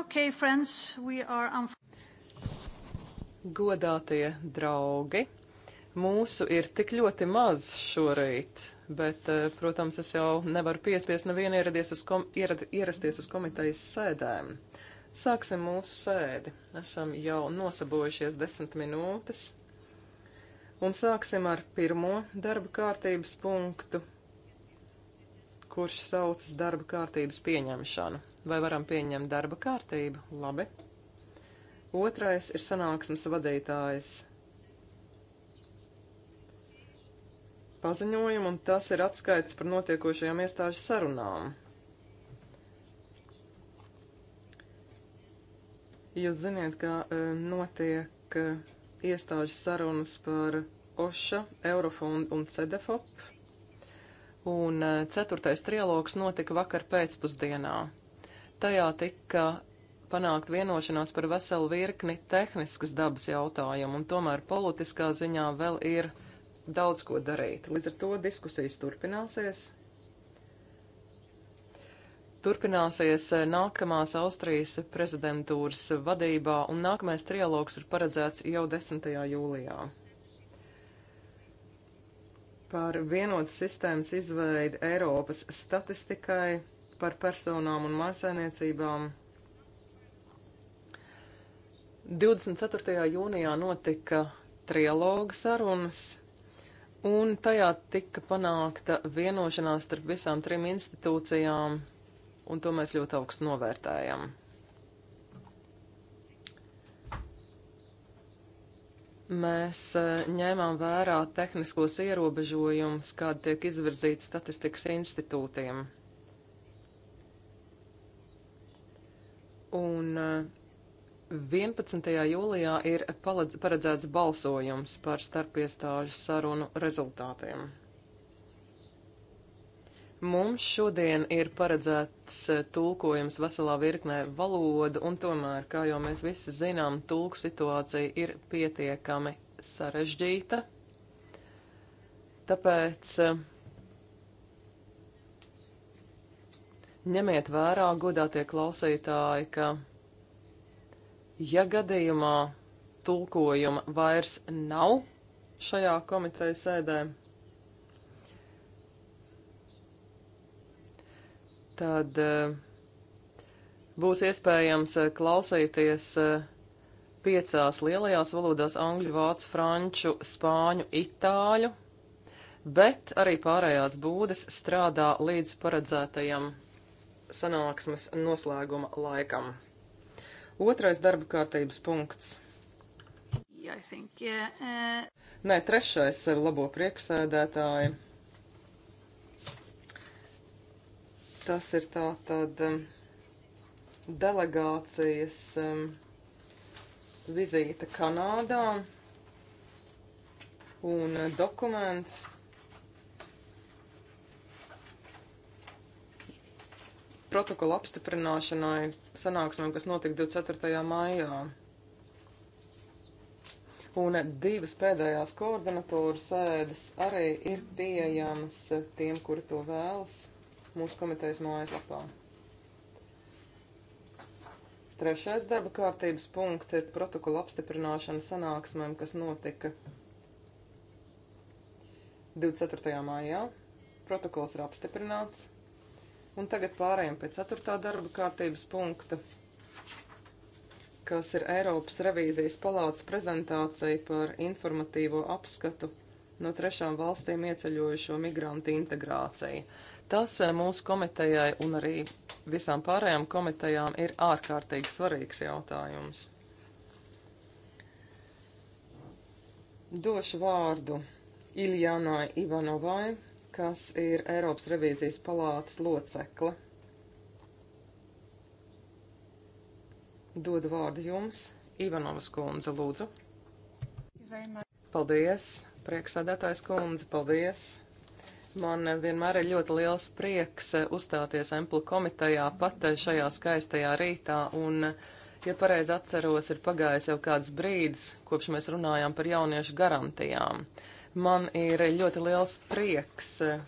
Okay, friends, we are on... Godātie draugi, mūsu ir tik ļoti maz šorīt, bet, eh, protams, es jau nevaru piespiest nevienu ieradies uz kom ierad ierasties uz komitejas sēdēm. Sāksim mūsu sēdi. Esam jau nosabojušies desmit minūtes. Un sāksim ar pirmo darba kārtības punktu, kurš saucas darba kārtības pieņemšanu. Vai varam pieņemt darba kārtību? Labi. Otrais ir sanāksmes vadītājs. Paziņojumu, un tas ir atskaits par notiekošajām iestāžu sarunām. Jūs ziniet, ka e, notiek e, iestāžu sarunas par OŠA, Eurofondu un CEDEFOP, un e, ceturtais trialogs notika vakar pēcpusdienā. Tajā tika panākt vienošanās par veselu virkni tehniskas dabas jautājumu, un tomēr politiskā ziņā vēl ir daudz ko darīt. Līdz ar to diskusijas turpināsies. Turpināsies nākamās Austrijas prezidentūras vadībā, un nākamais trialogs ir paredzēts jau 10. jūlijā. Par vienotas sistēmas izveidi Eiropas statistikai par personām un mājsainiecībām. 24. jūnijā notika trialoga sarunas, un tajā tika panākta vienošanās starp visām trim institūcijām, un to mēs ļoti augstu novērtējam. mēs eh, ņēmām vērā tehniskos ierobežojumus, kādi tiek izvirzīti statistikas institūtiem. Un 11. Eh, jūlijā ir paredzēts balsojums par starpiestāžu sarunu rezultātiem. Mums šodien ir paredzēts eh, tulkojums veselā virknē valodu, un tomēr, kā jau mēs visi zinām, tulku situācija ir pietiekami sarežģīta. Tāpēc eh, Ņemiet vērā, godātie klausītāji, ka ja gadījumā tulkojuma vairs nav šajā komiteja sēdē, tad eh, būs iespējams eh, klausīties eh, piecās lielajās valodās - angļu, vācu, franču, spāņu, itāļu, bet arī pārējās būdes strādā līdz paredzētajam sanāksmes noslēguma laikam. Otrais darba kārtības punkts. Yeah, think, yeah, uh... Nē, trešais ir labo prieksēdētāji. Tas ir tā tad um, delegācijas um, vizīte Kanādā un uh, dokuments protokola apstiprināšanai sanāksmēm, kas notika 24. maijā. Un divas pēdējās koordinatoru sēdes arī ir pieejamas tiem, kuri to vēlas mūsu komitejas mājaslapā. Trešais darba kārtības punkts ir protokola apstiprināšana sanāksmēm, kas notika 24. maijā. Protokols ir apstiprināts. Un tagad pārējām pie ceturtā darba kārtības punkta, kas ir Eiropas revīzijas palātas prezentācija par informatīvo apskatu no trešām valstīm ieceļojušo migrantu integrāciju. Tas eh, mūsu komitejai un arī visām pārējām komitejām ir ārkārtīgi svarīgs jautājums. Došu vārdu Iljānai Ivanovai kas ir Eiropas revīzijas palātas locekle. Dodu vārdu jums, Ivanovas kundze, lūdzu. Paldies, priekšsādātājs kundze, paldies. Man vienmēr ir ļoti liels prieks uzstāties Emplu komitejā pat šajā skaistajā rītā, un, ja pareizi atceros, ir pagājis jau kāds brīdis, kopš mēs runājām par jauniešu garantijām. Uh, Man ir ļoti liels prieks eh,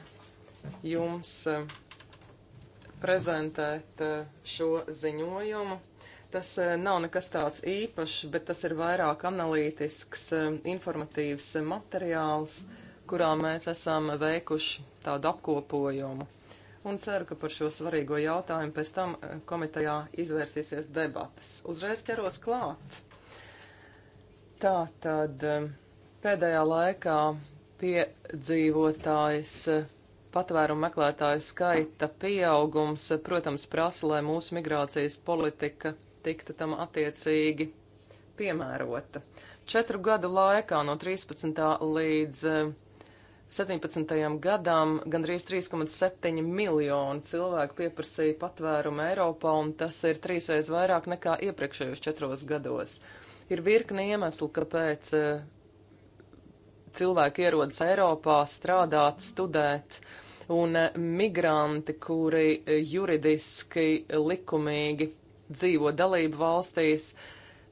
jums eh, prezentēt eh, šo ziņojumu. Tas nav nekas tāds īpašs, bet tas ir vairāk analītisks, informatīvs materiāls, kurā mēs esam veikuši tādu apkopojumu. Un ceru, ka par šo svarīgo jautājumu pēc tam komitejā izvērsīsies debatas. Uzreiz ķeros klāt. Tā tad. Uh, pēdējā laikā piedzīvotājs patvērumu meklētāju skaita pieaugums, protams, prasa, lai mūsu migrācijas politika tiktu tam attiecīgi piemērota. Četru gadu laikā no 13. līdz 17. Eh, gadam gandrīz 3,7 miljoni cilvēku pieprasīja patvērumu Eiropā, un tas ir trīsreiz vairāk nekā iepriekšējos četros gados. Ir virkni iemeslu, kāpēc eh, cilvēki ierodas Eiropā strādāt, studēt, un eh, migranti, kuri eh, juridiski, likumīgi dzīvo dalību valstīs,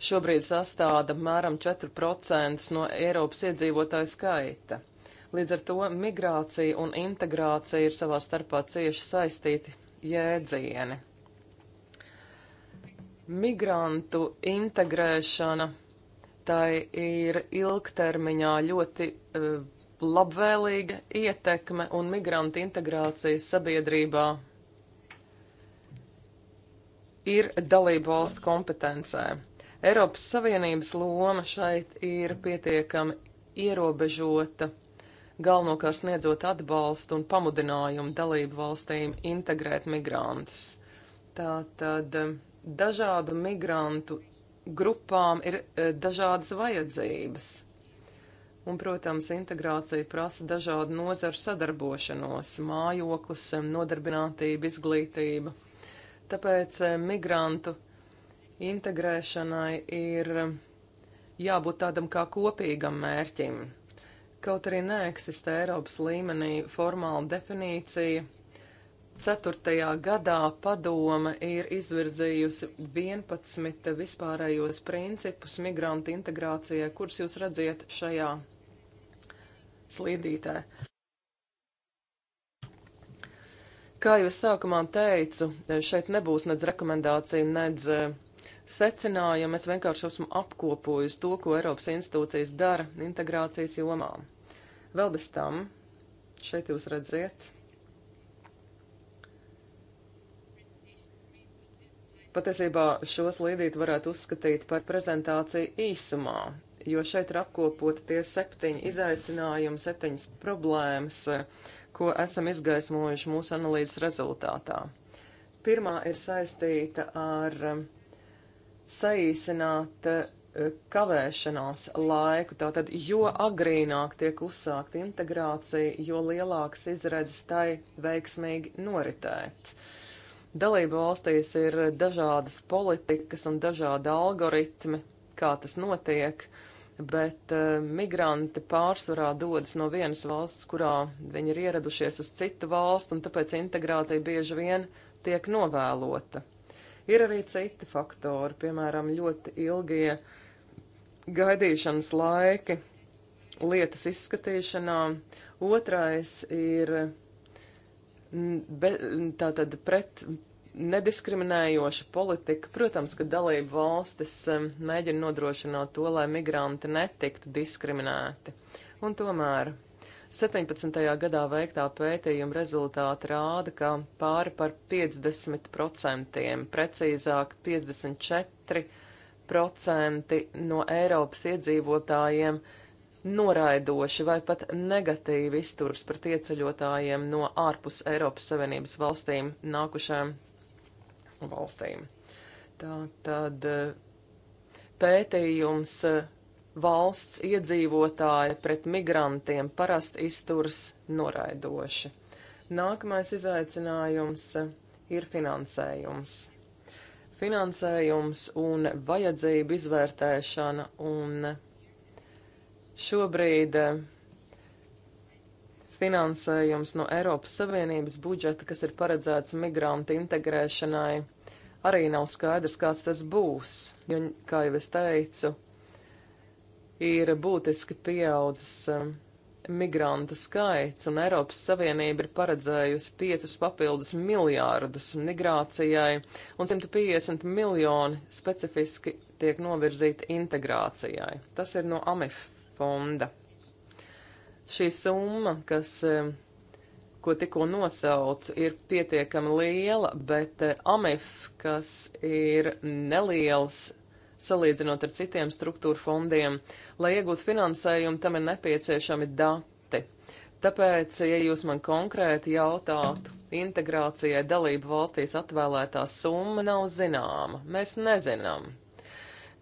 šobrīd sastāda apmēram 4% no Eiropas iedzīvotāju skaita. Līdz ar to migrācija un integrācija ir savā starpā cieši saistīti jēdzieni. Migrantu integrēšana budžetai ir ilgtermiņā ļoti uh, labvēlīga ietekme un migrantu integrācijas sabiedrībā ir dalību valstu kompetencē. Eiropas Savienības loma šeit ir pietiekami ierobežota, galvenokārt sniedzot atbalstu un pamudinājumu dalību valstīm integrēt migrantus. Tātad eh, dažādu migrantu grupām ir eh, dažādas vajadzības. Un, protams, integrācija prasa dažādu nozaru sadarbošanos - mājoklis, nodarbinātība, izglītība. Tāpēc migrantu integrēšanai ir jābūt tādam kā kopīgam mērķim. Kaut arī neeksistē Eiropas līmenī formāla definīcija, 2004. gadā padoma ir izvirzījusi 11 vispārējos principus migrantu integrācijai, kurus jūs redziet šajā slīdītē. Kā jau es sākumā teicu, šeit nebūs nedz rekomendācija, nedz eh, secinājumi. Es vienkārši esmu apkopojusi to, ko Eiropas institūcijas dara integrācijas jomā. Vēl bez tam, šeit jūs redziet, Patiesībā šo slīdīti varētu uzskatīt par prezentāciju īsumā, jo šeit ir apkopot tie septiņi izaicinājumi, septiņas problēmas, ko esam izgaismojuši mūsu analīzes rezultātā. Pirmā ir saistīta ar saīsināt eh, kavēšanās laiku. Tātad, jo agrīnāk tiek uzsākta integrācija, jo lielāks izredzes tai veiksmīgi noritēt. Uh, Dalību valstīs ir dažādas politikas un dažādi algoritmi, kā tas notiek, bet uh, migranti pārsvarā dodas no vienas valsts, kurā viņi ir ieradušies uz citu valstu, un tāpēc integrācija bieži vien tiek novēlota. Ir arī citi faktori, piemēram, ļoti ilgie gaidīšanas laiki lietas izskatīšanā. Otrais ir tātad pret nediskriminējoša politika. Protams, ka dalību valstis mēģina nodrošināt to, lai migranti netiktu diskriminēti. Un tomēr 17. gadā veiktā pētījuma rezultāti rāda, ka pāri par 50%, precīzāk 54% no Eiropas iedzīvotājiem noraidoši vai pat negatīvi izturs pret ieceļotājiem no ārpus Eiropas Savienības valstīm nākušām valstīm. Tā tad eh, pētījums eh, valsts iedzīvotāji pret migrantiem parasti izturs noraidoši. Nākamais izaicinājums eh, ir finansējums. Finansējums un vajadzību izvērtēšana un Šobrīd eh, finansējums no Eiropas Savienības budžeta, kas ir paredzēts migrantu integrēšanai, arī nav skaidrs, kāds tas būs, jo, kā jau es teicu, ir būtiski pieaudzis eh, migrantu skaits, un Eiropas Savienība ir paredzējusi 5 papildus miljārdus migrācijai, un 150 miljoni specifiski tiek novirzīti integrācijai. Tas ir no AMIF e fonda. Šī summa, kas, eh, ko tikko nosauc, ir pietiekami liela, bet eh, AMIF, kas ir neliels salīdzinot ar citiem struktūra fondiem, lai iegūtu finansējumu, tam ir nepieciešami dati. Tāpēc, ja jūs man konkrēti jautātu, integrācijai dalību valstīs atvēlētā summa nav zināma. Mēs nezinām,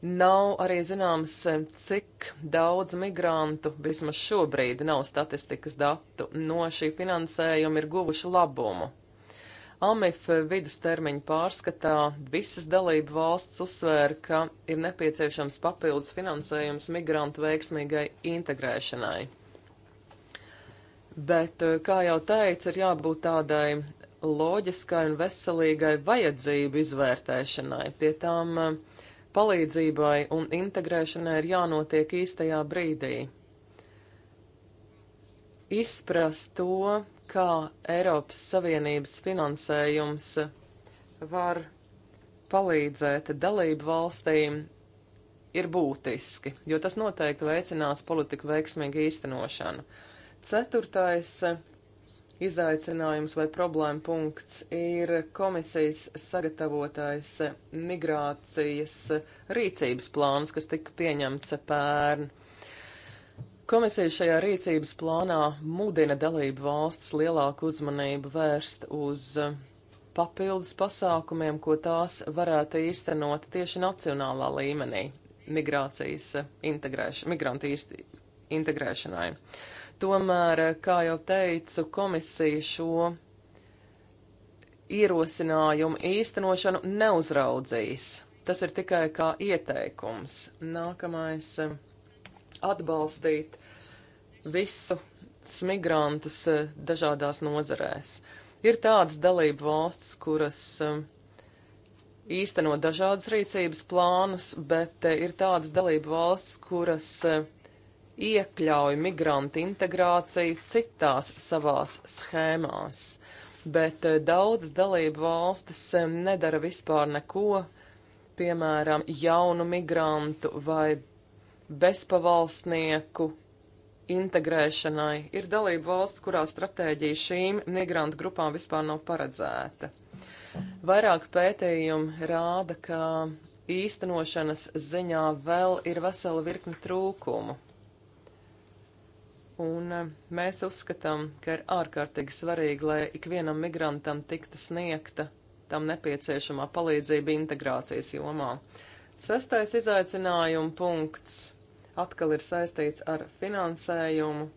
Nav arī zināms, eh, cik daudz migrantu, vismaz šobrīd nav statistikas datu, no šī finansējuma ir guvuši labumu. AMIF vidustermiņa pārskatā visas dalību valsts uzsvēra, ka ir nepieciešams papildus finansējums migrantu veiksmīgai integrēšanai. Bet, eh, kā jau teicu, ir jābūt tādai loģiskai un veselīgai vajadzību izvērtēšanai. Pie tām uh, palīdzībai un integrēšanai ir jānotiek īstajā brīdī. Izprast to, kā Eiropas Savienības finansējums var palīdzēt dalību valstīm, ir būtiski, jo tas noteikti veicinās politiku veiksmīgu īstenošanu. Ceturtais Izaicinājums vai problēma punkts ir komisijas sagatavotais migrācijas rīcības plāns, kas tika pieņemts pērn. Komisija šajā rīcības plānā mudina dalību valsts lielāku uzmanību vērst uz papildus pasākumiem, ko tās varētu īstenot tieši nacionālā līmenī migrācijas integrēš, migrantu integrēšanai. Tomēr, kā jau teicu, komisija šo ierosinājumu īstenošanu neuzraudzīs. Tas ir tikai kā ieteikums. Nākamais eh, - atbalstīt visu migrantus eh, dažādās nozarēs. Ir tādas dalību valstis, kuras eh, īsteno dažādas rīcības plānus, bet ir tādas dalību valstis, kuras iekļauj migrantu integrāciju citās savās schēmās, bet eh, daudzas dalību valstis eh, nedara vispār neko, piemēram, jaunu migrantu vai bezpavalstnieku integrēšanai. Ir dalība valsts, kurā stratēģija šīm migrantu grupām vispār nav paredzēta. Vairāk pētījumi rāda, ka īstenošanas ziņā vēl ir vesela virkne trūkumu. Un eh, mēs uzskatām, ka ir ārkārtīgi svarīgi, lai ikvienam migrantam tiktu sniegta tam nepieciešamā palīdzība integrācijas jomā. Sestais izaicinājuma punkts atkal ir saistīts ar finansējumu,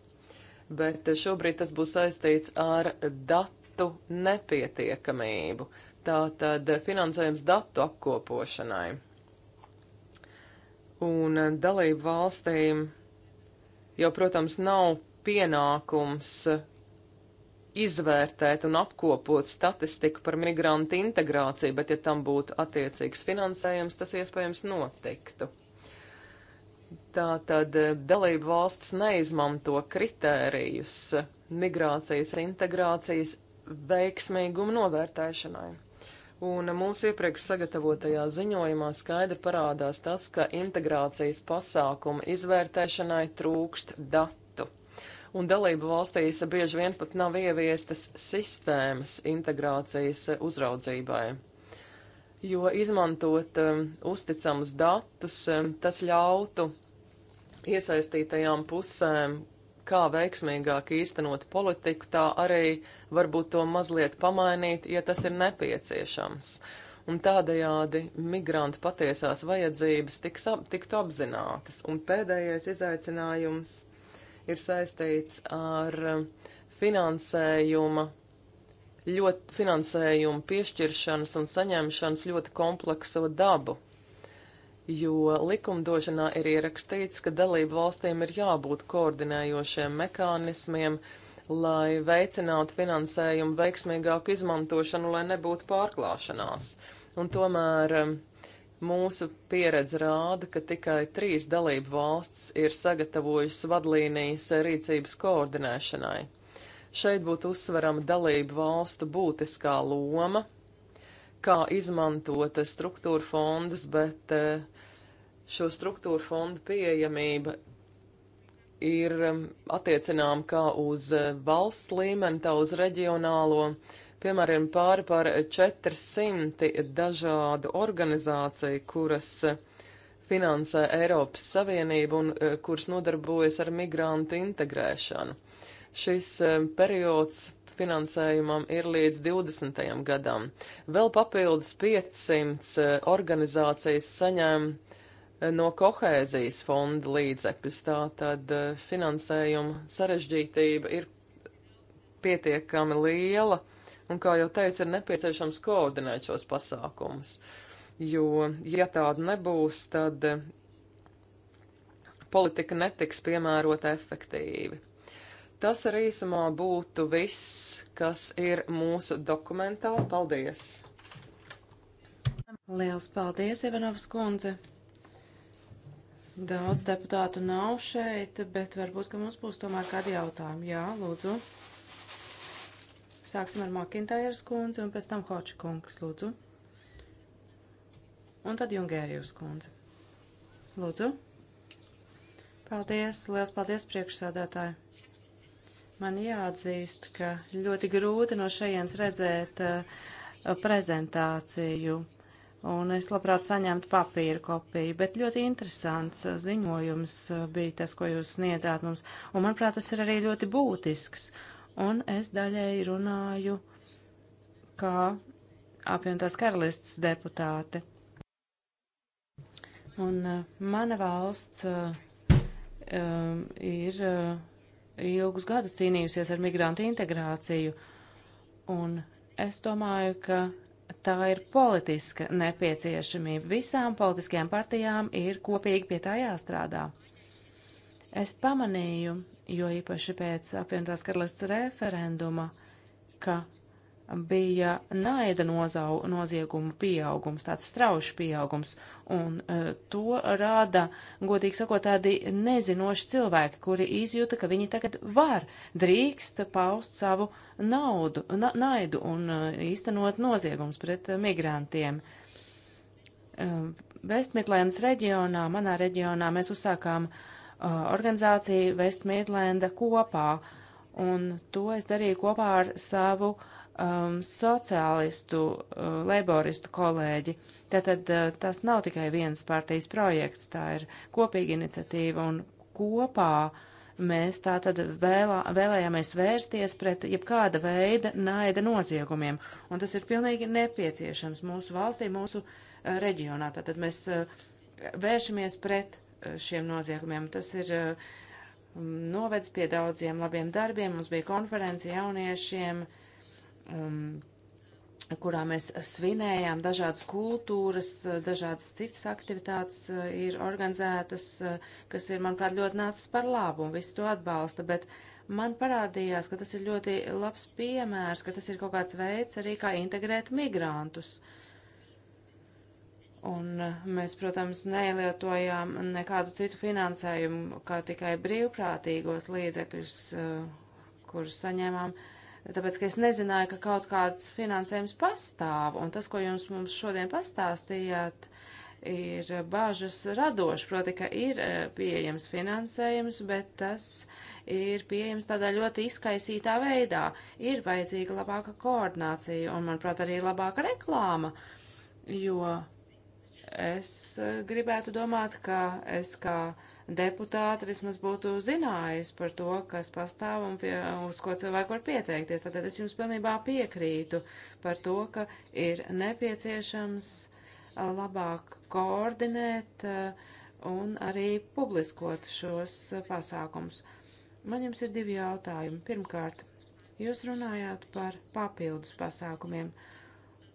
bet šobrīd tas būs saistīts ar datu nepietiekamību, tātad finansējums datu apkopošanai. Un eh, dalību valstīm jo, protams, nav pienākums izvērtēt un apkopot statistiku par migrantu integrāciju, bet, ja tam būtu attiecīgs finansējums, tas iespējams notiktu. Tā tad eh, dalība valsts neizmanto kritērijus migrācijas integrācijas veiksmīgumu novērtēšanai. Un mūsu iepriekš sagatavotajā ziņojumā skaidri parādās tas, ka integrācijas pasākumu izvērtēšanai trūkst datu. Un dalību valstīs bieži vien pat nav ieviestas sistēmas integrācijas uzraudzībai. Jo izmantot um, uzticamus datus, um, tas ļautu iesaistītajām pusēm kā veiksmīgāk īstenot politiku, tā arī varbūt to mazliet pamainīt, ja tas ir nepieciešams. Un tādējādi migrantu patiesās vajadzības tiks ap, tiktu apzinātas. Un pēdējais izaicinājums ir saistīts ar finansējuma ļoti finansējuma piešķiršanas un saņemšanas ļoti komplekso dabu jo likumdošanā ir ierakstīts, ka dalību valstīm ir jābūt koordinējošiem mekānismiem, lai veicinātu finansējumu veiksmīgāku izmantošanu, lai nebūtu pārklāšanās. Un tomēr um, mūsu pieredze rāda, ka tikai trīs dalību valsts ir sagatavojusi vadlīnijas rīcības koordinēšanai. Šeit būtu uzsverama dalību valstu būtiskā loma, kā izmantot struktūra fondus, bet eh, šo struktūru fondu pieejamība ir um, attiecinām kā uz uh, valsts līmeni, tā uz reģionālo. Piemēram, pāri par 400 dažādu organizāciju, kuras uh, finansē Eiropas Savienību un uh, kuras nodarbojas ar migrantu integrēšanu. Šis um, periods finansējumam ir līdz 20. gadam. Vēl papildus 500 organizācijas saņēma Eh, no kohēzijas fonda līdzekļus. Tā tad eh, finansējuma sarežģītība ir pietiekami liela, un, kā jau teicu, ir nepieciešams koordinēt šos pasākumus. Jo, ja tāda nebūs, tad eh, politika netiks piemērota efektīvi. Tas arī īsumā būtu viss, kas ir mūsu dokumentā. Paldies! Liels paldies, Ivanovs kundze! Daudz deputātu nav šeit, bet varbūt, ka mums būs tomēr kādi jautājumi. Jā, lūdzu. Sāksim ar Makintājas kundzi un pēc tam Hoči kungs, lūdzu. Un tad Jungērijus kundze. Lūdzu. Paldies, liels paldies priekšsādātāji. Man jāatzīst, ka ļoti grūti no šajienas redzēt uh, prezentāciju. Uh, un es labprāt saņemtu papīra kopiju, bet ļoti interesants uh, ziņojums uh, bija tas, ko jūs sniedzāt mums, un manuprāt, tas ir arī ļoti būtisks, un es daļēji runāju kā apvienotās karalists deputāte. Un uh, mana valsts uh, um, ir uh, ilgus gadus cīnījusies ar migrantu integrāciju, un es domāju, ka tā ir politiska nepieciešamība. Visām politiskajām partijām ir kopīgi pie tā jāstrādā. Es pamanīju, jo īpaši pēc apvienotās karalists referenduma, ka bija naida nozau, nozieguma pieaugums, tāds straušs pieaugums, un uh, to rāda, godīgi sakot, tādi nezinoši cilvēki, kuri izjūta, ka viņi tagad var, drīkst paust savu naudu, na naidu un uh, īstenot noziegums pret uh, migrantiem. Vestmitlēnas reģionā, manā reģionā, mēs uzsākām organizāciju Vestmitlēnda kopā, un to es darīju kopā ar savu uh, um, sociālistu, uh, leiboristu kolēģi. Tātad uh, tas nav tikai vienas partijas projekts, tā ir kopīga iniciatīva un kopā mēs tātad vēlā, vēlējāmies vērsties pret jebkāda veida naida noziegumiem. Un tas ir pilnīgi nepieciešams mūsu valstī, mūsu uh, reģionā. Tātad mēs uh, vēršamies pret uh, šiem noziegumiem. Tas ir uh, novedis pie daudziem labiem darbiem. Mums bija konference jauniešiem. Uh, um, kurā mēs svinējām dažādas kultūras, dažādas citas aktivitātes uh, ir organizētas, uh, kas ir, manuprāt, ļoti nācis par labu un visi to atbalsta, bet man parādījās, ka tas ir ļoti labs piemērs, ka tas ir kaut kāds veids arī kā integrēt migrantus. Un uh, mēs, protams, neilietojām nekādu citu finansējumu, kā tikai brīvprātīgos līdzekļus, kurus saņēmām. Uh, tāpēc, ka es nezināju, ka kaut kāds finansējums pastāv, un tas, ko jums mums šodien pastāstījāt, ir bāžas radoši, proti, ka ir eh, pieejams finansējums, bet tas ir pieejams tādā ļoti izkaisītā veidā. Ir vajadzīga labāka koordinācija un, manuprāt, arī labāka reklāma, jo es eh, gribētu domāt, ka es kā deputāti vismaz būtu zinājusi par to, kas pastāv un pie, uz ko cilvēku var pieteikties. Tātad es jums pilnībā piekrītu par to, ka ir nepieciešams labāk koordinēt un arī publiskot šos pasākums. Man jums ir divi jautājumi. Pirmkārt, jūs runājāt par papildus pasākumiem.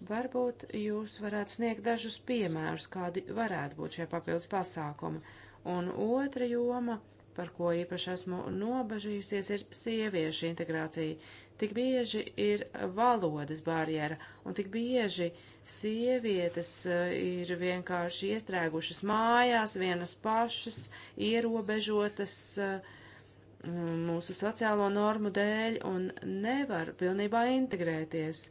Varbūt jūs varētu sniegt dažus piemērus, kādi varētu būt šie papildus pasākumi. Uh, Un otra joma, par ko īpaši esmu nobažījusies, ir sieviešu integrācija. Tik bieži ir valodas barjera, un tik bieži sievietes eh, ir vienkārši iestrēgušas mājās, vienas pašas, ierobežotas eh, mūsu sociālo normu dēļ un nevar pilnībā integrēties.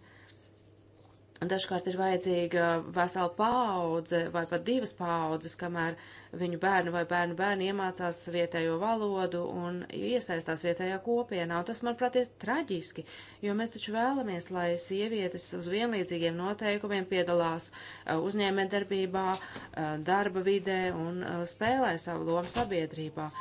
Dažkārt ir vajadzīga vesela paudze vai pat divas paudzes, kamēr viņu bērnu vai bērnu bērni iemācās vietējo valodu un iesaistās vietējā kopienā. Un tas, manuprāt, ir traģiski, jo mēs taču vēlamies, lai sievietes uz vienlīdzīgiem noteikumiem piedalās eh, uzņēmē darbībā, eh, darba vidē un eh, spēlē savu lomu sabiedrībā.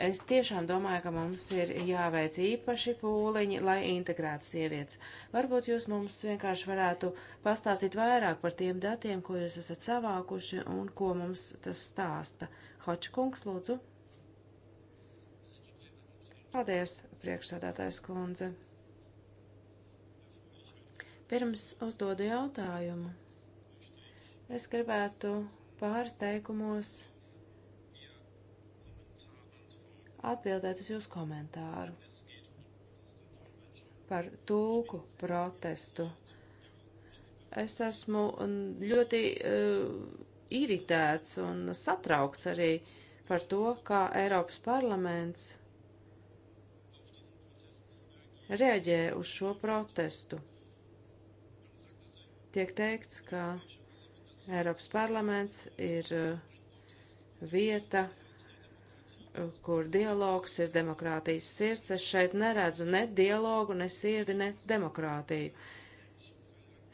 Es tiešām domāju, ka mums ir jāveic īpaši pūliņi, lai integrētu sievietes. Varbūt jūs mums vienkārši varētu pastāstīt vairāk par tiem datiem, ko jūs esat savākuši un ko mums tas stāsta. Hočkungs, lūdzu. Paldies, priekšsādātājs kundze. Pirms uzdodu jautājumu, es gribētu pāris teikumos atbildēt uz jūsu komentāru par tulku protestu. Es esmu ļoti uh, eh, iritēts un satraukts arī par to, kā Eiropas parlaments reaģē uz šo protestu. Tiek teikts, ka Eiropas parlaments ir eh, vieta, kur dialogs ir demokrātijas sirds. Es šeit neredzu ne dialogu, ne sirdi, ne demokrātiju.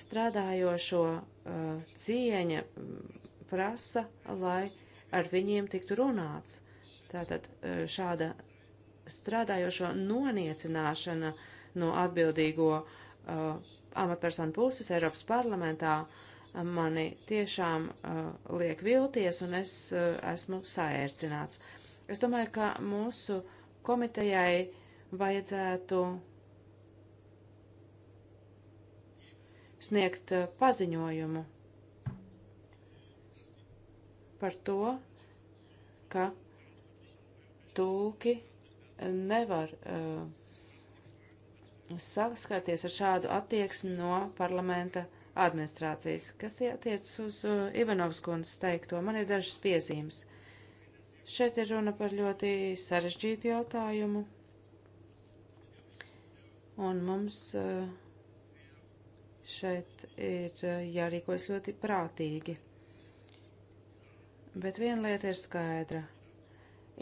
Strādājošo uh, cieņa mm, prasa, lai ar viņiem tiktu runāts. Tātad uh, šāda strādājošo noniecināšana no atbildīgo uh, amatpersonu puses Eiropas parlamentā uh, mani tiešām uh, liek vilties, un es uh, esmu saērcināts. Es domāju, ka mūsu komitejai vajadzētu sniegt uh, paziņojumu par to, ka tulki nevar uh, saskarties ar šādu attieksmi no parlamenta administrācijas, kas attiec uz uh, Ivanovskundas teikto. Man ir dažas piezīmes. Uh, Šeit ir runa par ļoti sarežģītu jautājumu, un mums eh, šeit ir eh, jārīkojas ļoti prātīgi. Bet viena lieta ir skaidra.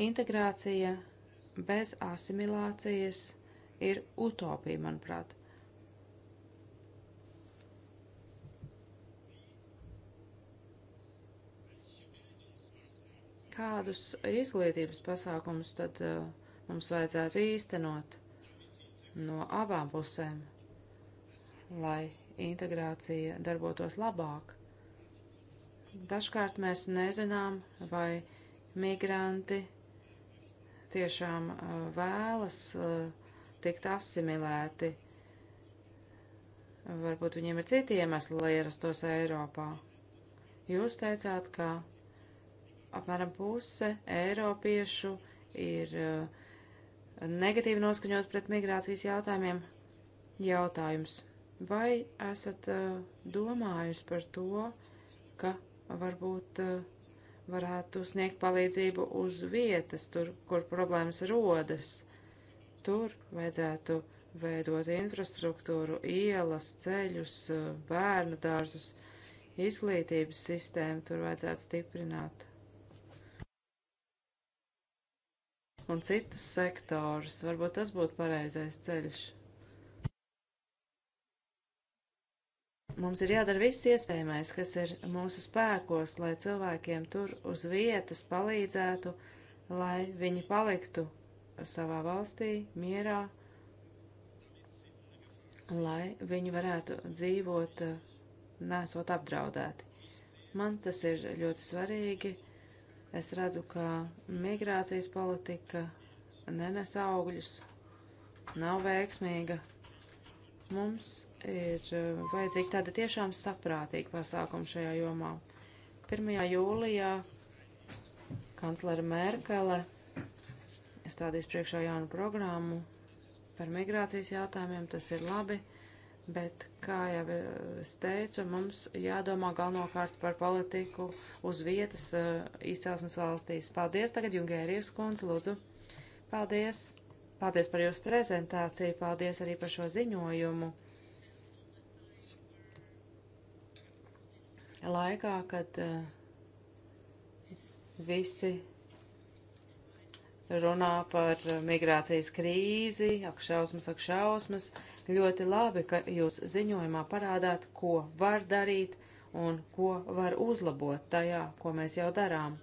Integrācija bez asimilācijas ir utopija, manuprāt. Kādus izglītības pasākumus tad uh, mums vajadzētu īstenot no abām pusēm, lai integrācija darbotos labāk? Dažkārt mēs nezinām, vai migranti tiešām uh, vēlas uh, tikt asimilēti. Varbūt viņiem ir citi iemesli, lai ierastos Eiropā. Jūs teicāt, ka apmēram puse eiropiešu ir eh, negatīvi noskaņot pret migrācijas jautājumiem. Jautājums. Vai esat eh, domājusi par to, ka varbūt eh, varētu sniegt palīdzību uz vietas, tur, kur problēmas rodas? Tur vajadzētu veidot infrastruktūru, ielas, ceļus, bērnu dārzus, izglītības sistēmu, tur vajadzētu stiprināt un citus sektorus. Varbūt tas būtu pareizais ceļš. Mums ir jādara viss iespējamais, kas ir mūsu spēkos, lai cilvēkiem tur uz vietas palīdzētu, lai viņi paliktu savā valstī mierā, lai viņi varētu dzīvot, nesot apdraudēti. Man tas ir ļoti svarīgi Es redzu, ka migrācijas politika nenes augļus, nav veiksmīga. Mums ir eh, vajadzīgi tāda tiešām saprātīga pasākuma šajā jomā. 1. jūlijā kanclere Merkele stādīs priekšā jaunu programmu par migrācijas jautājumiem. Tas ir labi. Bet, kā jau es teicu, mums jādomā galvenokārt par politiku uz vietas eh, izcelsmes valstīs. Paldies tagad, Jungērijas kundze, lūdzu. Paldies. Paldies par jūsu prezentāciju, paldies arī par šo ziņojumu. Laikā, kad eh, visi runā par migrācijas krīzi, ak šausmas, ak šausmas. Ak šausmas Ļoti labi, ka jūs ziņojumā parādāt, ko var darīt un ko var uzlabot tajā, ko mēs jau darām.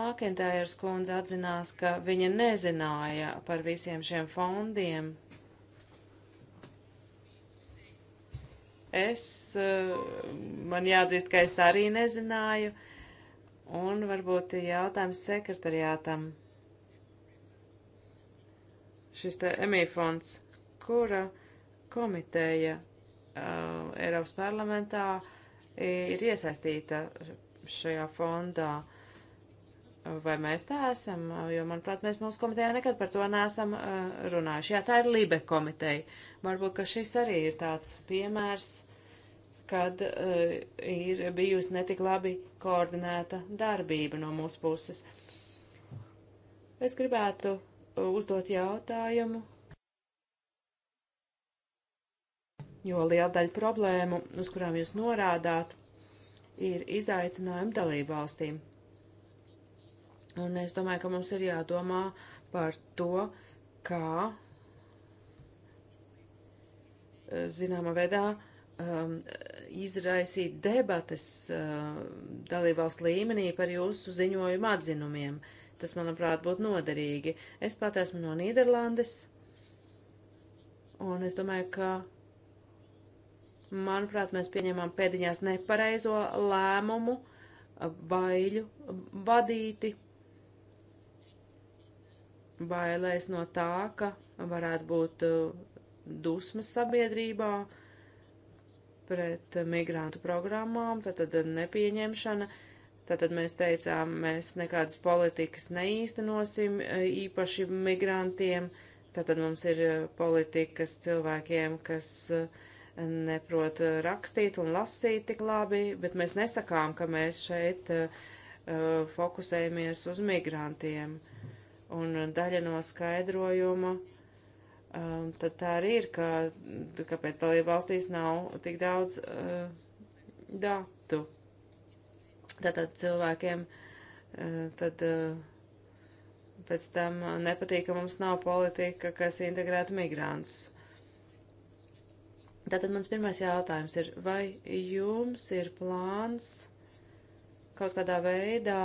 Makintājers kundze atzinās, ka viņa nezināja par visiem šiem fondiem. Es, eh, man jāatzīst, ka es arī nezināju, un varbūt jautājums sekretariātam šis te emīfons, kura komiteja uh, Eiropas parlamentā ir iesaistīta šajā fondā. Vai mēs tā esam? Jo, manuprāt, mēs mūsu komitejā nekad par to neesam uh, runājuši. Jā, tā ir Lībe komiteja. Varbūt, ka šis arī ir tāds piemērs, kad uh, ir bijusi netik labi koordinēta darbība no mūsu puses. Es gribētu uh, uzdot jautājumu, jo liela daļa problēmu, uz kurām jūs norādāt, ir izaicinājumi dalību valstīm. Un es domāju, ka mums ir jādomā par to, kā zināmā veidā um, izraisīt debates uh, dalībvalsts līmenī par jūsu ziņojumu atzinumiem. Uh, Tas, manuprāt, būtu noderīgi. Es pat esmu no Nīderlandes, un es domāju, ka, manuprāt, mēs pieņemam pēdiņās nepareizo lēmumu, baiļu vadīti, bailēs no tā, ka varētu būt uh, dusmas sabiedrībā pret migrantu programmām, tad, tad nepieņemšana. Uh, Tātad mēs teicām, mēs nekādas politikas neīstenosim e, īpaši migrantiem. Tātad mums ir e, politikas cilvēkiem, kas e, neprot rakstīt un lasīt tik labi, bet mēs nesakām, ka mēs šeit uh, fokusējamies uz migrantiem. Un daļa no skaidrojuma um, tad tā arī ir, ka, kāpēc dalība valstīs nav tik daudz uh, datu. Tātad cilvēkiem eh, tad eh, pēc tam nepatīk, ka mums nav politika, kas integrētu migrantus. Tātad mans pirmais jautājums ir, vai jums ir plāns kaut kādā veidā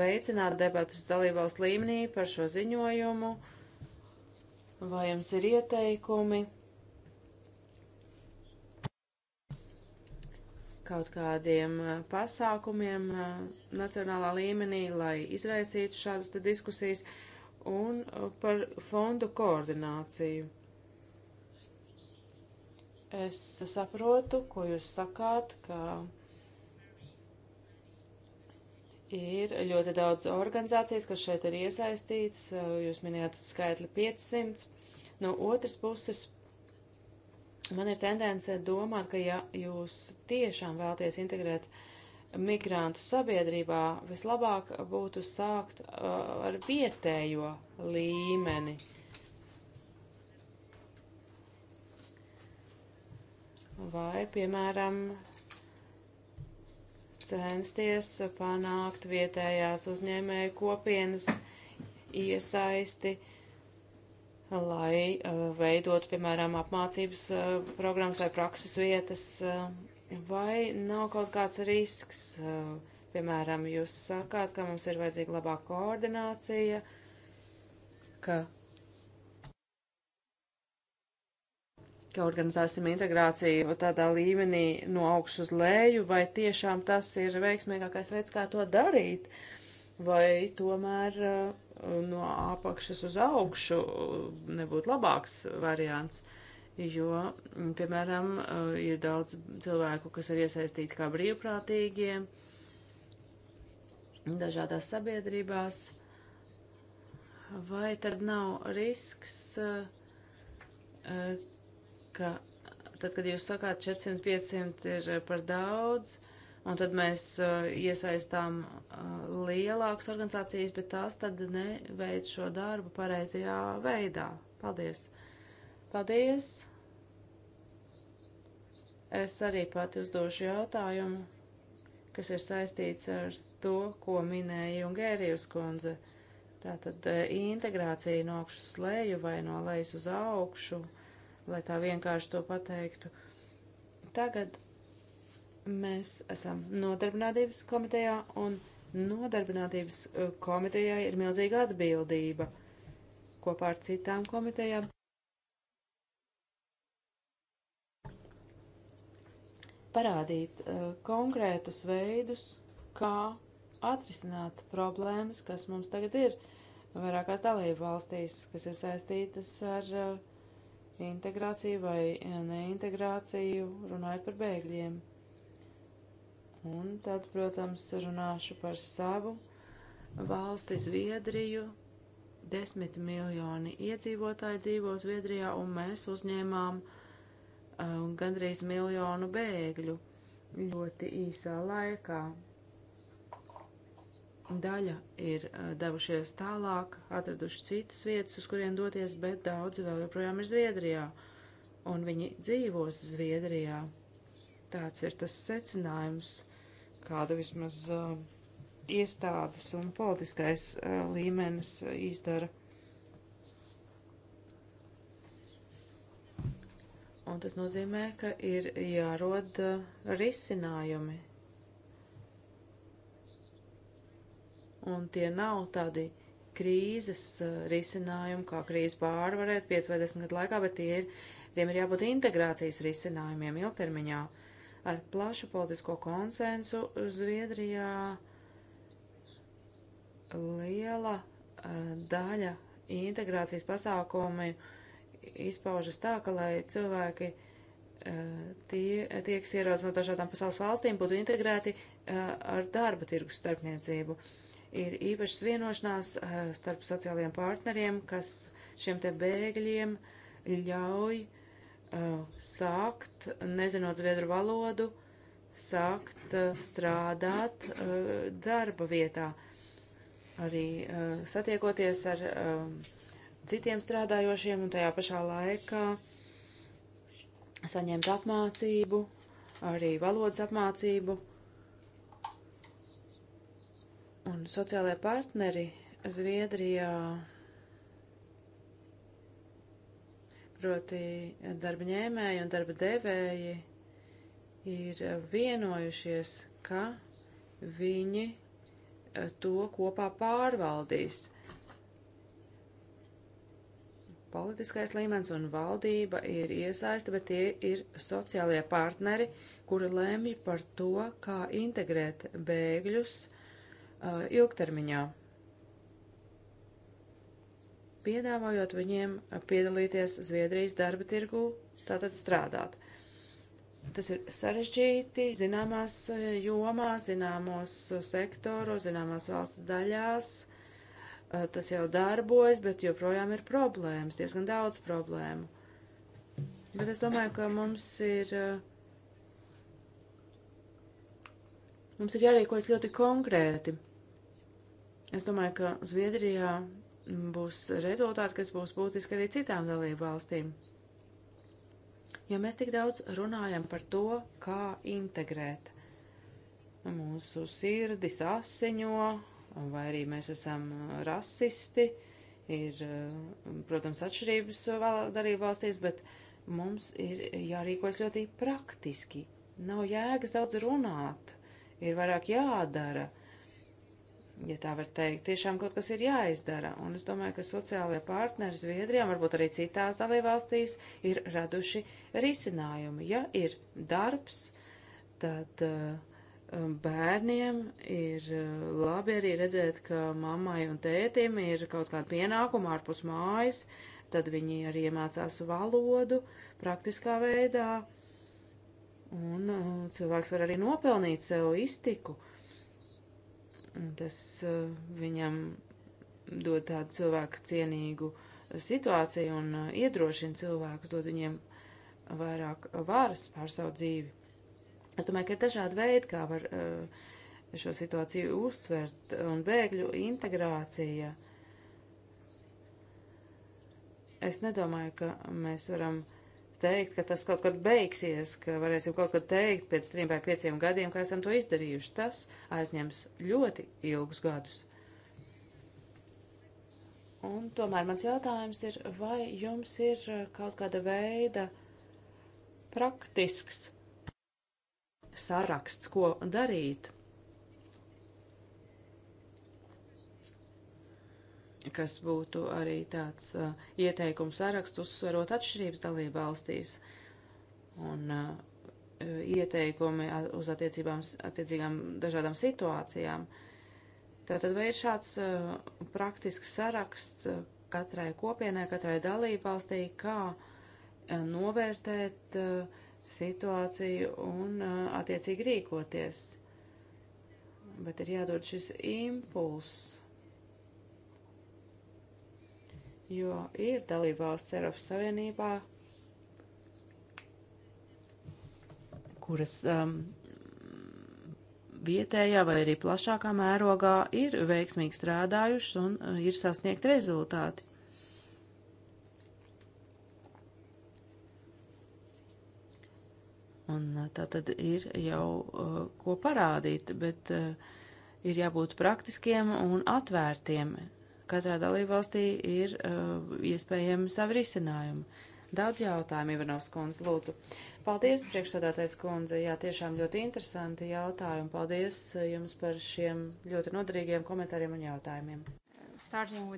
veicināt debatas dalībvalsts līmenī par šo ziņojumu, vai jums ir ieteikumi? kaut kādiem pasākumiem nacionālā līmenī, lai izraisītu šādas diskusijas, un par fondu koordināciju. Es saprotu, ko jūs sakāt, ka ir ļoti daudz organizācijas, kas šeit ir iesaistītas. Jūs minējāt skaitli 500. No otras puses, Man ir tendence domāt, ka ja jūs tiešām vēlties integrēt migrantu sabiedrībā, vislabāk būtu sākt uh, ar vietējo līmeni. Vai, piemēram, censties panākt vietējās uzņēmēju kopienas iesaisti uh, lai eh, veidotu, piemēram, apmācības eh, programmas vai prakses vietas, eh, vai nav kaut kāds risks, piemēram, jūs sakāt, ka mums ir vajadzīga labāka koordinācija, ka, ka organizēsim integrāciju tādā līmenī no augšas uz leju, vai tiešām tas ir veiksmīgākais veids, kā to darīt, vai tomēr uh, no apakšas uz augšu nebūtu labāks variants, jo, piemēram, eh, ir daudz cilvēku, kas ir iesaistīti kā brīvprātīgie dažādās sabiedrībās. Vai tad nav risks, eh, ka tad, kad jūs sakāt 400-500 ir par daudz, Un tad mēs uh, iesaistām uh, lielākas organizācijas, bet tās tad neveic šo darbu pareizajā veidā. Paldies! Paldies! Es arī pati uzdošu jautājumu, kas ir saistīts ar to, ko minēja Jungērijas kundze. Tātad uh, integrācija no augšas leju vai no lejas uz augšu, lai tā vienkārši to pateiktu. Tagad Mēs esam nodarbinātības komitejā, un nodarbinātības e, komitejai ir milzīga atbildība kopā ar citām komitejām. Parādīt uh, konkrētus veidus, kā atrisināt problēmas, kas mums tagad ir vairākās dalību valstīs, kas ir saistītas ar uh, integrāciju vai neintegrāciju, runājot par bēgļiem. Un tad, protams, runāšu par savu valsti Zviedriju. Desmit miljoni iedzīvotāji dzīvo Zviedrijā, un mēs uzņēmām uh, gandrīz miljonu bēgļu ļoti īsā laikā. Daļa ir uh, devušies tālāk, atraduši citas vietas, uz kuriem doties, bet daudzi vēl joprojām ir Zviedrijā, un viņi dzīvos Zviedrijā. Tāds ir tas secinājums kādu vismaz uh, iestādes un politiskais uh, līmenis izdara. Un tas nozīmē, ka ir jārod uh, risinājumi. Un tie nav tādi krīzes uh, risinājumi, kā krīze pārvarēt 5 vai 10 gadu laikā, bet tie ir, tiem ir jābūt integrācijas risinājumiem ilgtermiņā. Uh, ar plašu politisko konsensu Zviedrijā liela eh, daļa integrācijas pasākumi izpaužas tā, ka lai cilvēki eh, tie, tie kas ierodas no dažādām pasaules valstīm, būtu integrēti eh, ar darba tirgus starpniecību. Ir īpašas vienošanās starp sociālajiem partneriem, kas šiem te bēgļiem ļauj uh, Eh, sākt, nezinot zviedru valodu, sākt eh, strādāt eh, darba vietā, arī satiekoties ar citiem strādājošiem un tajā pašā laikā saņemt apmācību, arī valodas apmācību. Un sociālajie partneri Zviedrijā Proti eh, darba ņēmēji un darba devēji ir eh, vienojušies, ka viņi eh, to kopā pārvaldīs. Politiskais līmenis un valdība ir iesaista, bet tie ir sociālie partneri, kuri lēmj par to, kā integrēt bēgļus uh, ilgtermiņā piedāvājot viņiem piedalīties Zviedrijas darba tirgu, tātad strādāt. Tas ir sarežģīti zināmās eh, jomās, zināmos eh, sektoros, zināmās valsts daļās. Eh, tas jau darbojas, bet joprojām ir problēmas, diezgan daudz problēmu. Bet es domāju, ka mums ir mums ir jārīkojas ļoti konkrēti. Es domāju, ka Zviedrijā būs rezultāti, kas būs būtiski arī citām dalību valstīm. Jo mēs tik daudz runājam par to, kā integrēt mūsu sirdi sasiņo, vai arī mēs esam rasisti. Ir, protams, atšķirības darību valstīs, bet mums ir jārīkojas ļoti praktiski. Nav jēgas daudz runāt, ir vairāk jādara ja tā var teikt, tiešām kaut kas ir jāizdara. Un es domāju, ka sociālajie partneri Zviedrijā, varbūt arī citās dalībvalstīs, ir raduši risinājumu. Ja ir darbs, tad eh, bērniem ir eh, labi arī redzēt, ka mammai un tētim ir kaut kāda pienākuma ārpus mājas, tad viņi arī iemācās valodu praktiskā veidā. Un eh, cilvēks var arī nopelnīt sev iztiku. Tas eh, viņam dod tādu cilvēku cienīgu eh, situāciju un eh, iedrošina cilvēkus, dod viņiem vairāk varas pār savu dzīvi. Es domāju, ka ir dažādi veidi, kā var šo situāciju uztvert, un bēgļu integrācija. Es nedomāju, ka mēs varam uh, teikt, ka tas kaut kad beigsies, ka varēsim kaut kad teikt pēc trim vai pieciem gadiem, kā esam to izdarījuši. Tas aizņems ļoti ilgus gadus. Un tomēr mans jautājums ir, vai jums ir uh, kaut kāda veida praktisks saraksts, ko darīt? kas būtu arī tāds uh, ieteikums saraksts, uzsverot atšķirības dalību valstīs un uh, ieteikumi uz attiecībām, attiecīgām dažādām situācijām. Tātad vai ir šāds uh, praktisks saraksts uh, katrai kopienai, katrai dalību valstī, kā uh, novērtēt uh, situāciju un uh, attiecīgi rīkoties? Bet ir jādod šis impulss jo ir dalībvalsts Eiropas Savienībā, kuras um, vietējā vai arī plašākā mērogā ir veiksmīgi strādājušas un uh, ir sasniegt rezultāti. Un uh, tā tad ir jau uh, ko parādīt, bet uh, ir jābūt praktiskiem un atvērtiem katrā dalībvalstī ir uh, iespējami savi risinājumi. Daudz jautājumu, Ivanovs kundze, lūdzu. Paldies, priekšsādātais kundze, jā, tiešām ļoti interesanti jautājumi. Paldies uh, jums par šiem ļoti noderīgiem komentāriem un jautājumiem.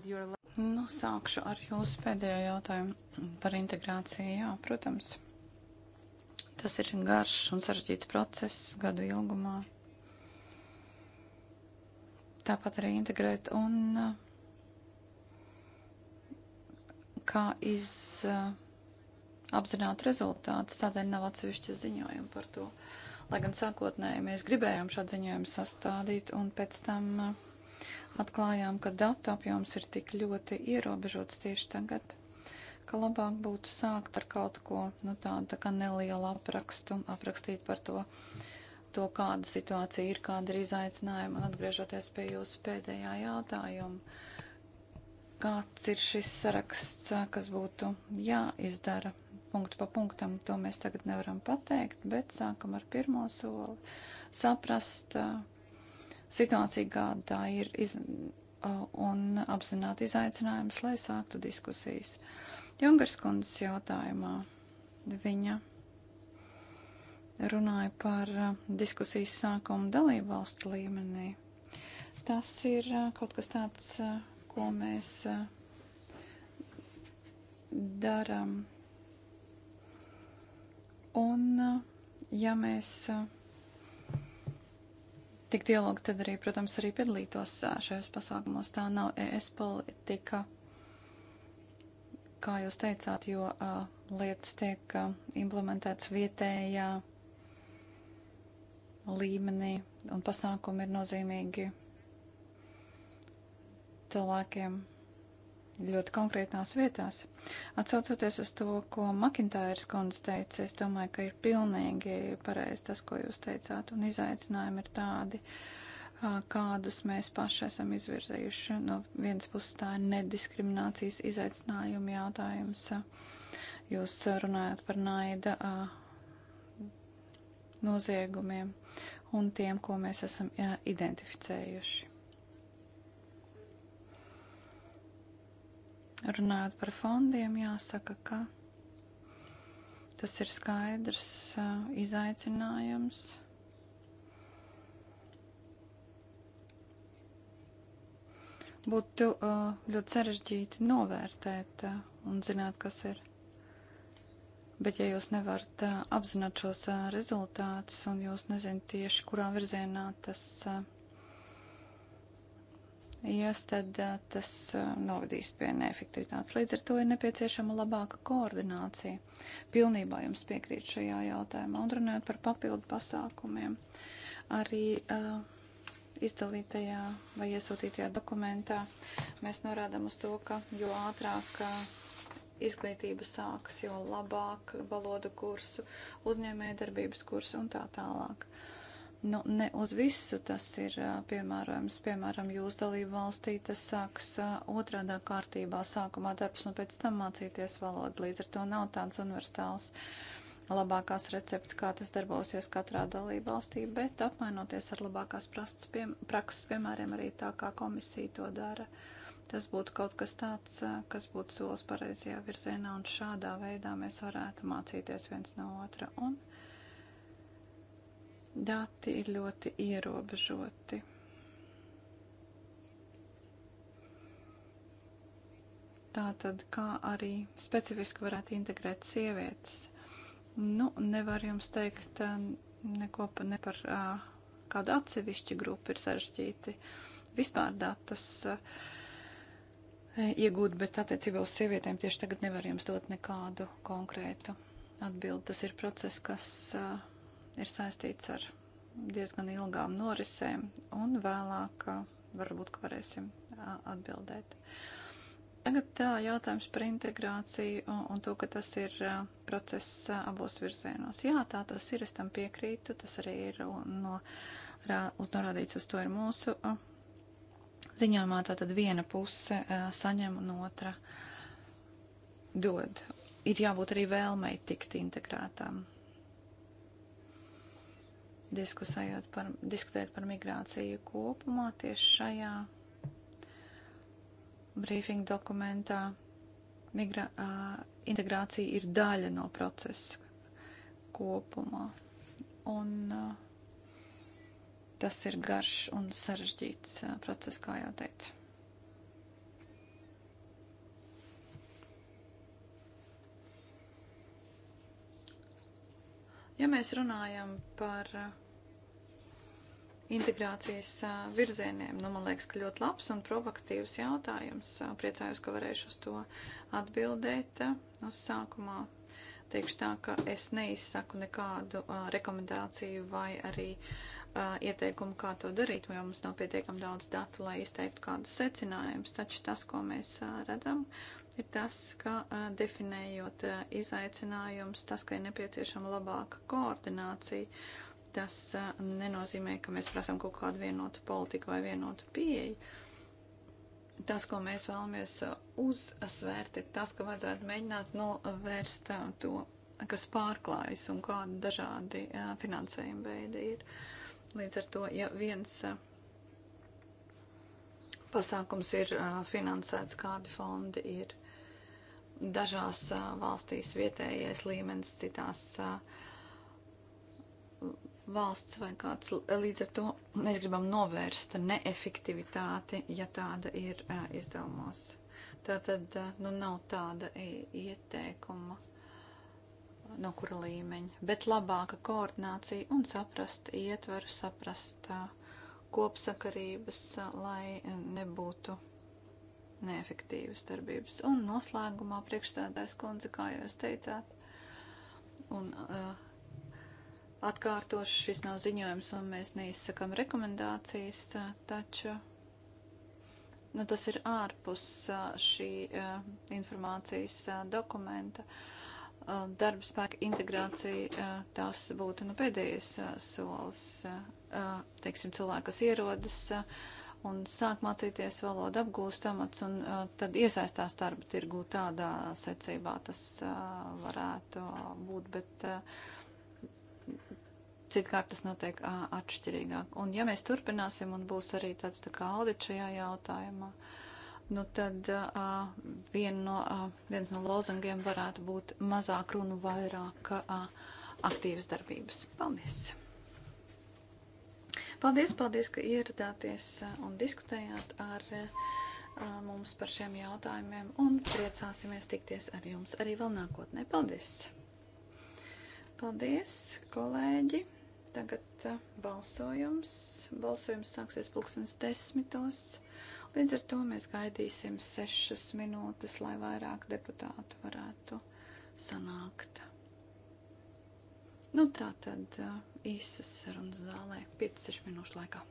Your... Nu, sākšu ar jūsu pēdējo jautājumu par integrāciju. Jā, protams. Tas ir garš un sarežģīts process gadu ilgumā. Tāpat arī integrēt un uh, kā iz, eh, apzināt rezultātus, tādēļ nav atsevišķa ziņojuma par to. Lai gan sākotnēji mēs gribējām šo ziņojumu sastādīt un pēc tam eh, atklājām, ka datu apjoms ir tik ļoti ierobežots tieši tagad ka labāk būtu sākt ar kaut ko nu, tādu tā kā nelielu aprakstu, aprakstīt par to, to, kāda situācija ir, kāda ir izaicinājuma. Un atgriežoties pie jūsu pēdējā jautājuma, kāds ir šis saraksts, kas būtu jāizdara punktu pa punktam, to mēs tagad nevaram pateikt, bet sākam ar pirmo soli. Saprast situāciju, kāda tā ir, iz, un apzināt izaicinājumus, lai sāktu diskusijas. Jungars kundzes jautājumā viņa runāja par diskusijas sākumu dalību valstu līmenī. Tas ir kaut kas tāds, ko mēs darām. Un, ja mēs tik dialogu, tad arī, protams, arī piedalītos šajos pasākumos. Tā nav ES politika, kā jūs teicāt, jo uh, lietas tiek uh, implementētas vietējā līmenī un pasākumi ir nozīmīgi cilvēkiem ļoti konkrētās vietās. Atsaucoties uz to, ko Makintājas kundze teica, es domāju, ka ir pilnīgi pareizi tas, ko jūs teicāt, un izaicinājumi ir tādi, kādus mēs paši esam izvirzījuši. No vienas puses tā ir nediskriminācijas izaicinājuma jautājums. Jūs runājat par naida noziegumiem un tiem, ko mēs esam identificējuši. Runājot par fondiem, jāsaka, ka tas ir skaidrs izaicinājums. Būtu ļoti sarežģīti novērtēt un zināt, kas ir. Bet, ja jūs nevarat apzināt šos rezultātus un jūs nezināt tieši, kurā virzienā tas ir jos tad tas novadīs pie neefektivitātes. Līdz ar to ir nepieciešama labāka koordinācija. Pilnībā jums piekrīt šajā jautājumā. Un runājot par papildu pasākumiem, arī uh, izdalītajā vai iesūtītajā dokumentā mēs norādām uz to, ka jo ātrāk uh, izglītība sāks, jo labāk valodu kursu, uzņēmējdarbības kursu un tā tālāk. Nu, ne uz visu tas ir piemērojams. Piemēram, jūs dalību valstī tas sāks otrādā kārtībā sākumā darbs un pēc tam mācīties valodu. Līdz ar to nav tāds universāls labākās recepts, kā tas darbosies katrā dalību valstī, bet apmainoties ar labākās prastas, piem prakses piemēriem arī tā, kā komisija to dara. Tas būtu kaut kas tāds, kas būtu solis pareizajā virzienā, un šādā veidā mēs varētu mācīties viens no otra. Un Dati ir ļoti ierobežoti. Tātad, kā arī specifiski varētu integrēt sievietes. Nu, nevar jums teikt eh, neko pa, ne par uh, kādu atsevišķu grupu ir sarežģīti vispār datus uh, iegūt, bet attiecībā uz sievietēm tieši tagad nevar jums dot nekādu konkrētu atbildi. Tas ir process, kas uh, ir saistīts ar diezgan ilgām norisēm, un vēlāk varbūt varēsim atbildēt. Tagad jautājums par integrāciju un to, ka tas ir process abos virzienos. Jā, tā tas ir, es tam piekrītu, tas arī ir no, norādīts uz to ir mūsu ziņāmā, tātad viena puse saņem un otra dod. Ir jābūt arī vēlmei tikt integrētām diskusējot par, diskutēt par migrāciju kopumā tieši šajā brīfinga dokumentā. Migra, uh, integrācija ir daļa no procesa kopumā. Un uh, tas ir garš un sarežģīts uh, process, kā jau teicu. Ja mēs runājam par uh, integrācijas uh, virzieniem, nu, man liekas, ka ļoti labs un provokatīvs jautājums. Uh, priecājos, ka varēšu uz to atbildēt uz sākumā. Teikšu tā, ka es neizsaku nekādu uh, rekomendāciju vai arī uh, ieteikumu, kā to darīt, jo mums nav pietiekami daudz datu, lai izteiktu kādus secinājumus. Taču tas, ko mēs uh, redzam, uh, ir tas, ka definējot izaicinājums, tas, ka ir nepieciešama labāka koordinācija, tas nenozīmē, ka mēs prasam kaut kādu vienotu politiku vai vienotu pieeju. Tas, ko mēs vēlamies uzsvērt, ir tas, ka vajadzētu mēģināt novērst to, kas pārklājas un kādi dažādi finansējuma veidi ir. Līdz ar to, ja viens pasākums ir finansēts, kādi fondi ir Dažās valstīs vietējais līmenis, citās valsts vai kāds. Līdz ar to mēs gribam novērst neefektivitāti, ja tāda ir izdevumos. Tā tad nu, nav tāda ieteikuma no kura līmeņa, bet labāka koordinācija un saprast ietveru, saprast kopsakarības, lai nebūtu neefektīvas darbības. Un noslēgumā priekšstādājas kundze, kā jūs teicāt, un uh, atkārtoši šis nav ziņojums, un mēs neizsakam rekomendācijas, uh, taču nu, tas ir ārpus uh, šī uh, informācijas uh, dokumenta. Uh, darba spēka integrācija, uh, tas būtu nu, pēdējais solis. Teiksim, cilvēki, kas ierodas, uh, un sāk mācīties valodu, apgūst amats un uh, tad iesaistās darba tirgū tādā secībā tas uh, varētu būt, bet uh, citkārt tas notiek uh, atšķirīgāk. Un ja mēs turpināsim un būs arī tāds tā kā audit šajā jautājumā, nu tad uh, vien no, uh, viens no lozangiem varētu būt mazāk runu, vairāk uh, aktīvas darbības. Paldies! Paldies, paldies, ka ieradāties uh, un diskutējāt ar uh, mums par šiem jautājumiem un priecāsimies tikties ar jums arī vēl nākotnē. Paldies! Paldies, kolēģi! Tagad uh, balsojums. Balsojums sāksies pulkstens desmitos. Līdz ar to mēs gaidīsim sešas minūtes, lai vairāk deputātu varētu sanākt. Nu, tā tad īsas sarunas zālē 5-6 minūšu laikā.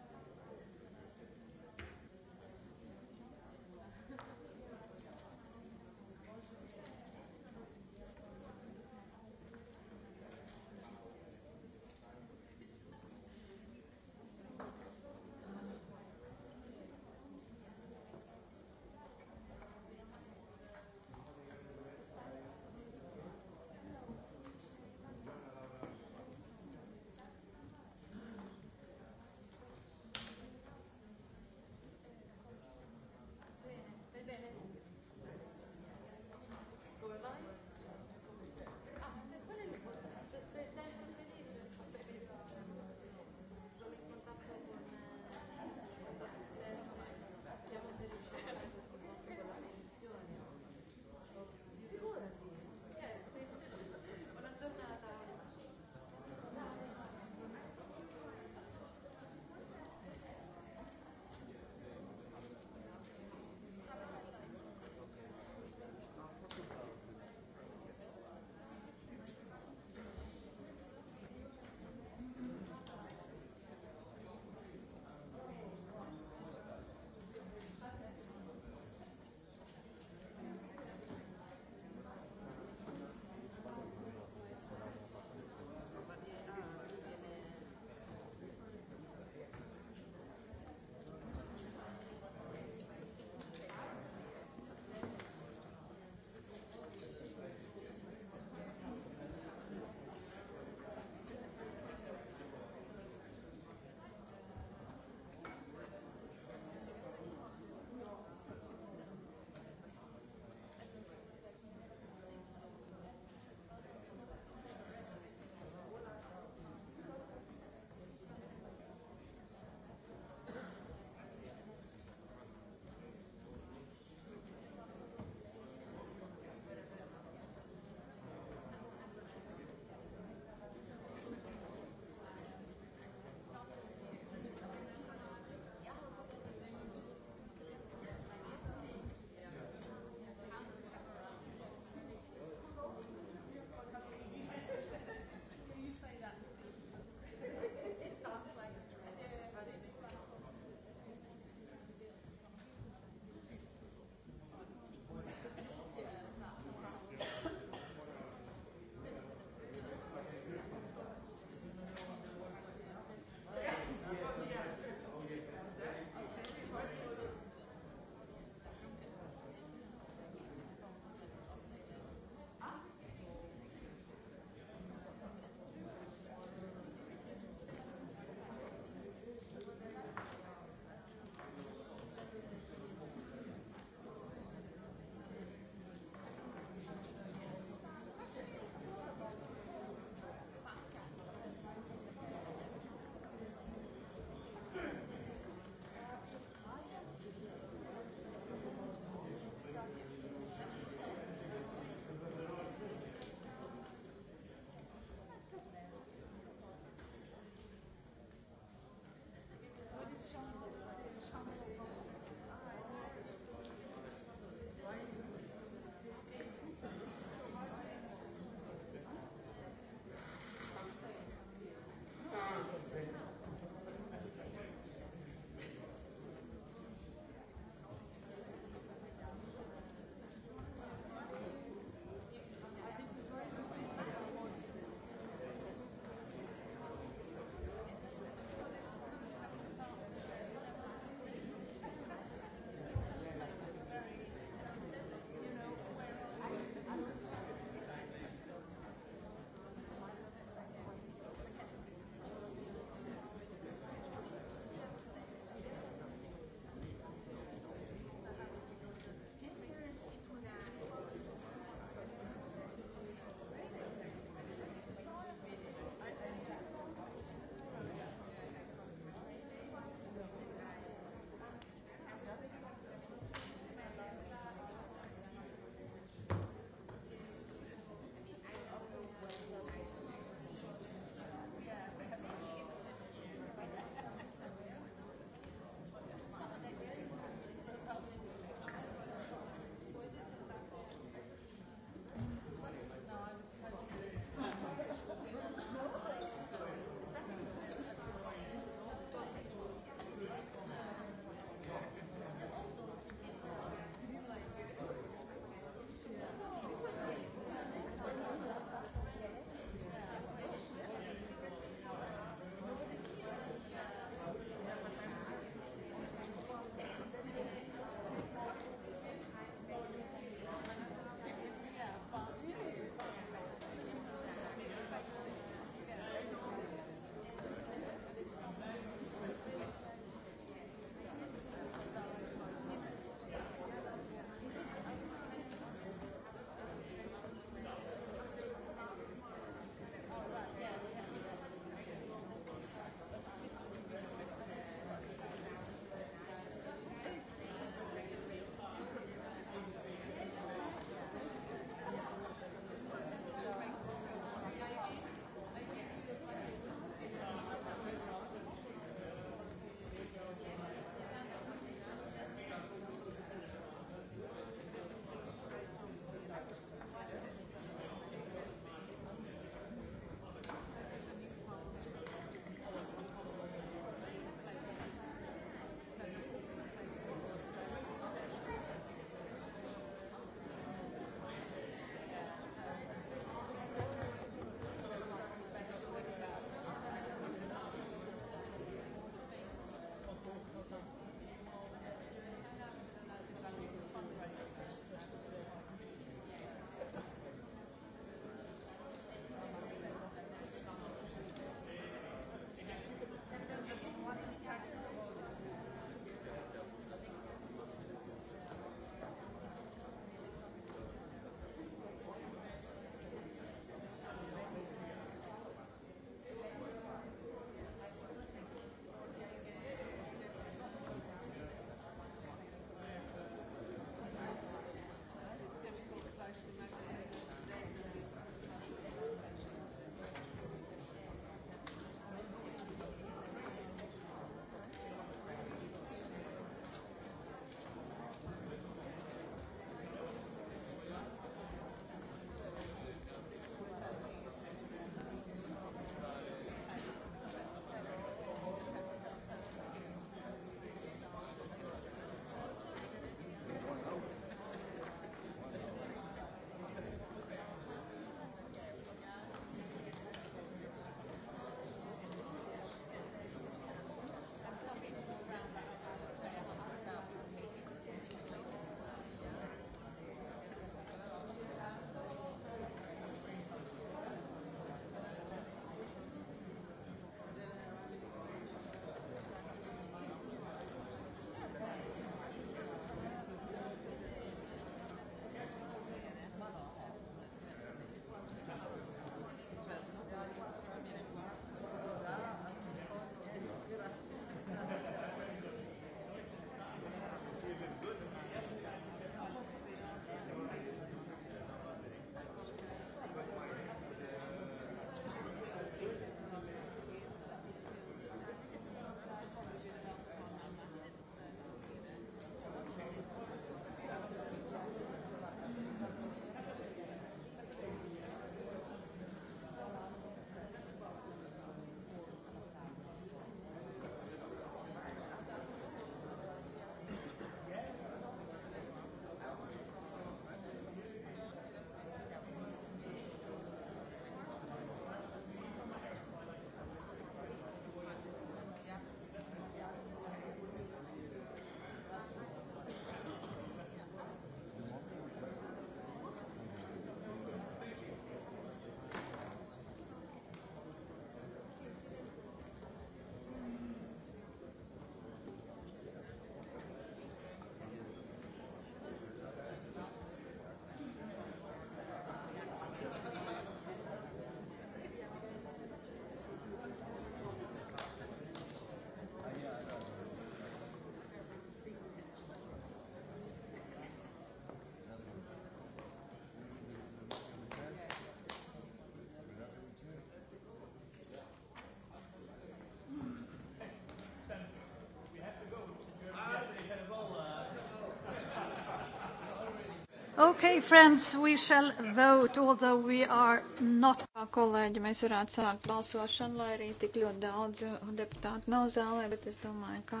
Okay, friends, we shall vote, although we are not. Kolēģi, mēs varētu sākt balsošanu, lai arī tik ļoti daudz deputātu nav zālē, bet es domāju, ka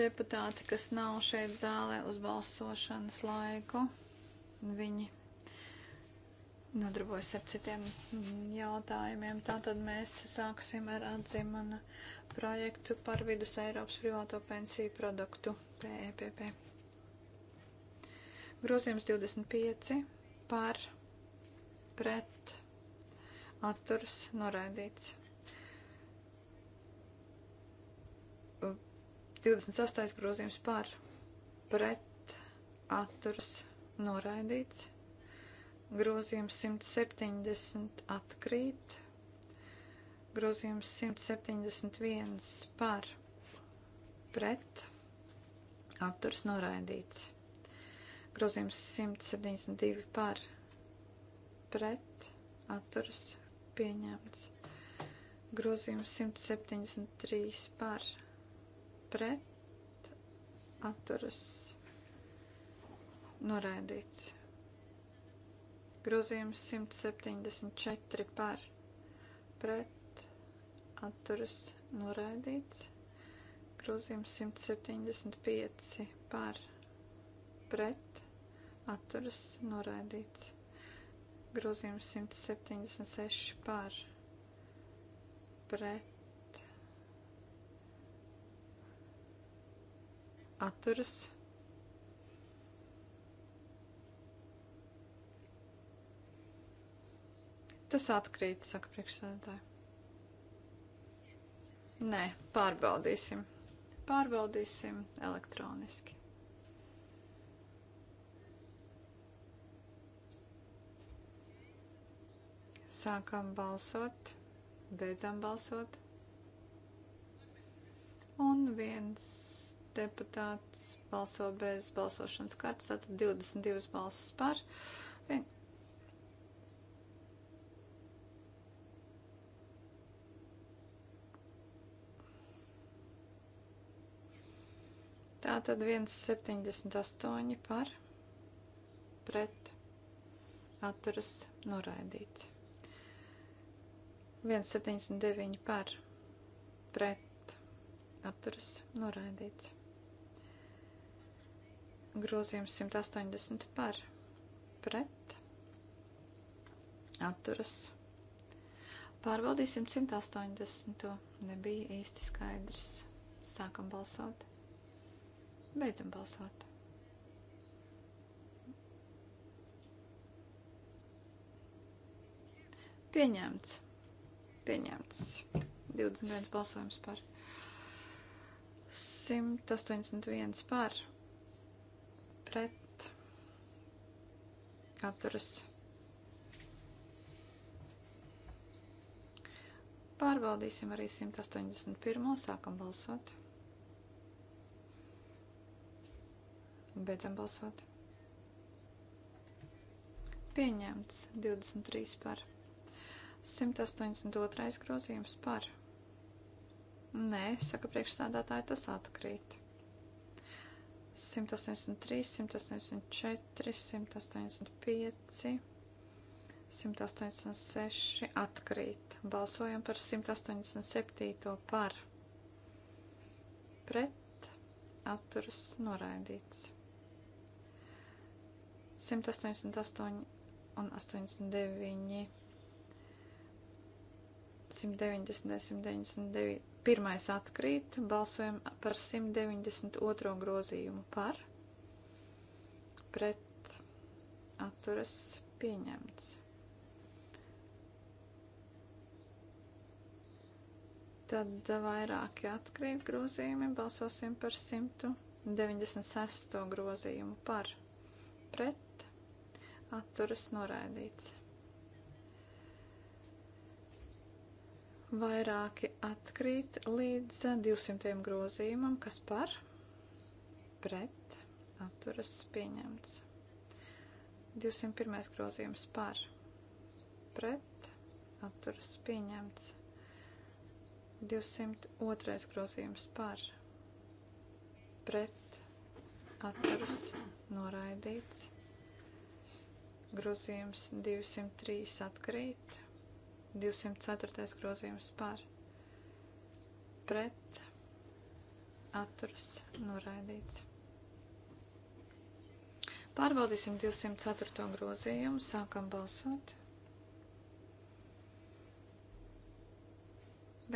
deputāti, kas nav šeit zālē uz balsošanas laiku, viņi nodarbojas ar citiem jautājumiem. Tātad mēs sāksim ar atzimana projektu par vidus Eiropas privāto pensiju produktu PEPP. E Grozījums 25 par pret atturs noraidīts. 28. grozījums par pret atturs noraidīts, grozījums 170 atkrīt, grozījums 171 par pret atturs noraidīts. Grozījums 172 par pret atturas pieņemts. Grozījums 173 par pret atturas noraidīts. Grozījums 174 par pret atturas noraidīts. Grozījums 175 par pret atturas noraidīts. Grozījums 176 par pret atturas. Tas atkrīt, saka priekšsēdētāji. Nē, pārbaudīsim. Pārbaudīsim elektroniski. Sākam balsot, beidzam balsot. Un viens deputāts balso bez balsošanas kartes, tātad 22 balsas par. Vien... Tātad 1,78 par pret atturas noraidīts. 179 par pret atturas noraidīts. Grozījums 180 par pret atturas. Pārbaudīsim 180. Nebija īsti skaidrs. Sākam balsot. Beidzam balsot. Pieņemts pieņemts. 21 balsojums par. 181 par. Pret. Atturas. Pārbaudīsim arī 181. Sākam balsot. Beidzam balsot. Pieņemts 23 par. 182. grozījums par. Nē, saka priekšsādātāji, tas atkrīt. 183, 184, 185, 186 atkrīt. Balsojam par 187. par. Pret atturas noraidīts. 188 un 89 190, 192, pirmais atkrīt, balsojam par 192 grozījumu par, pret atturas pieņemts. Tad vairāki atkrīt grozījumi, balsosim par 196 grozījumu par, pret atturas noraidīts. Vairāki atkrīt līdz 200 grozījumam, kas par pret atturas pieņemts. 201. grozījums par pret atturas pieņemts. 202. grozījums par pret atturas noraidīts. Grozījums 203 atkrīt. 204. grozījums par pret atturas noraidīts. Pārbaudīsim 204. grozījumu, sākam balsot.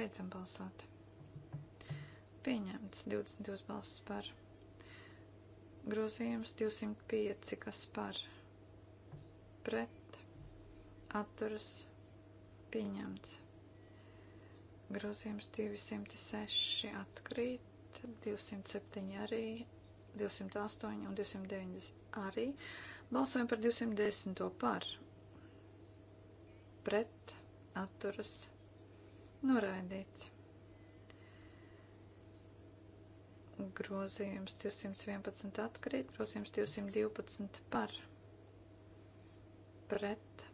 Beidzam balsot. Pieņemts 22 balsis par. Grozījums 205, kas par pret atturas pieņemts. Grozījums 206 atkrīt, 207 arī, 208 un 290 arī. Balsojam par 210 par. Pret atturas noraidīts. grozījums 211 atkrīt, grozījums 212 par pret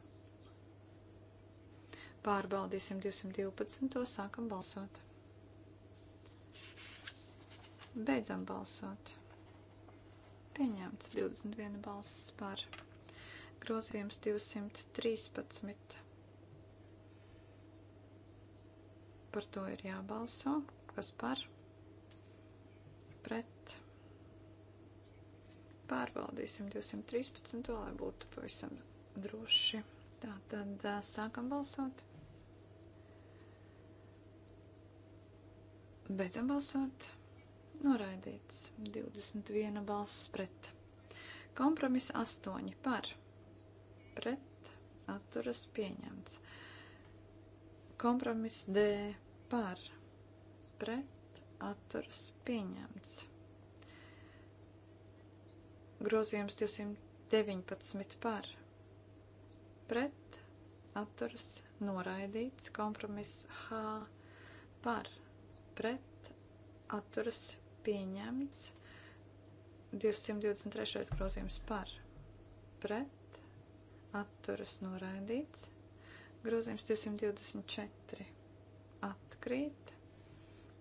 Pārbaudīsim 212. Sākam balsot. Beidzam balsot. Pieņemts 21 balss par. Grozījums 213. Par to ir jābalso. Kas par? Pret. Pārbaudīsim 213. lai būtu pavisam droši. Tātad sākam balsot. Beidzam balsot. Noraidīts 21 balss pret. Kompromiss 8 par. Pret atturas pieņemts. Kompromiss D par. Pret atturas pieņemts. Grozījums 219 par. Pret atturas noraidīts. Kompromiss H par pret atturas pieņemts. 223. grozījums par pret atturas noraidīts. Grozījums 224 atkrīt.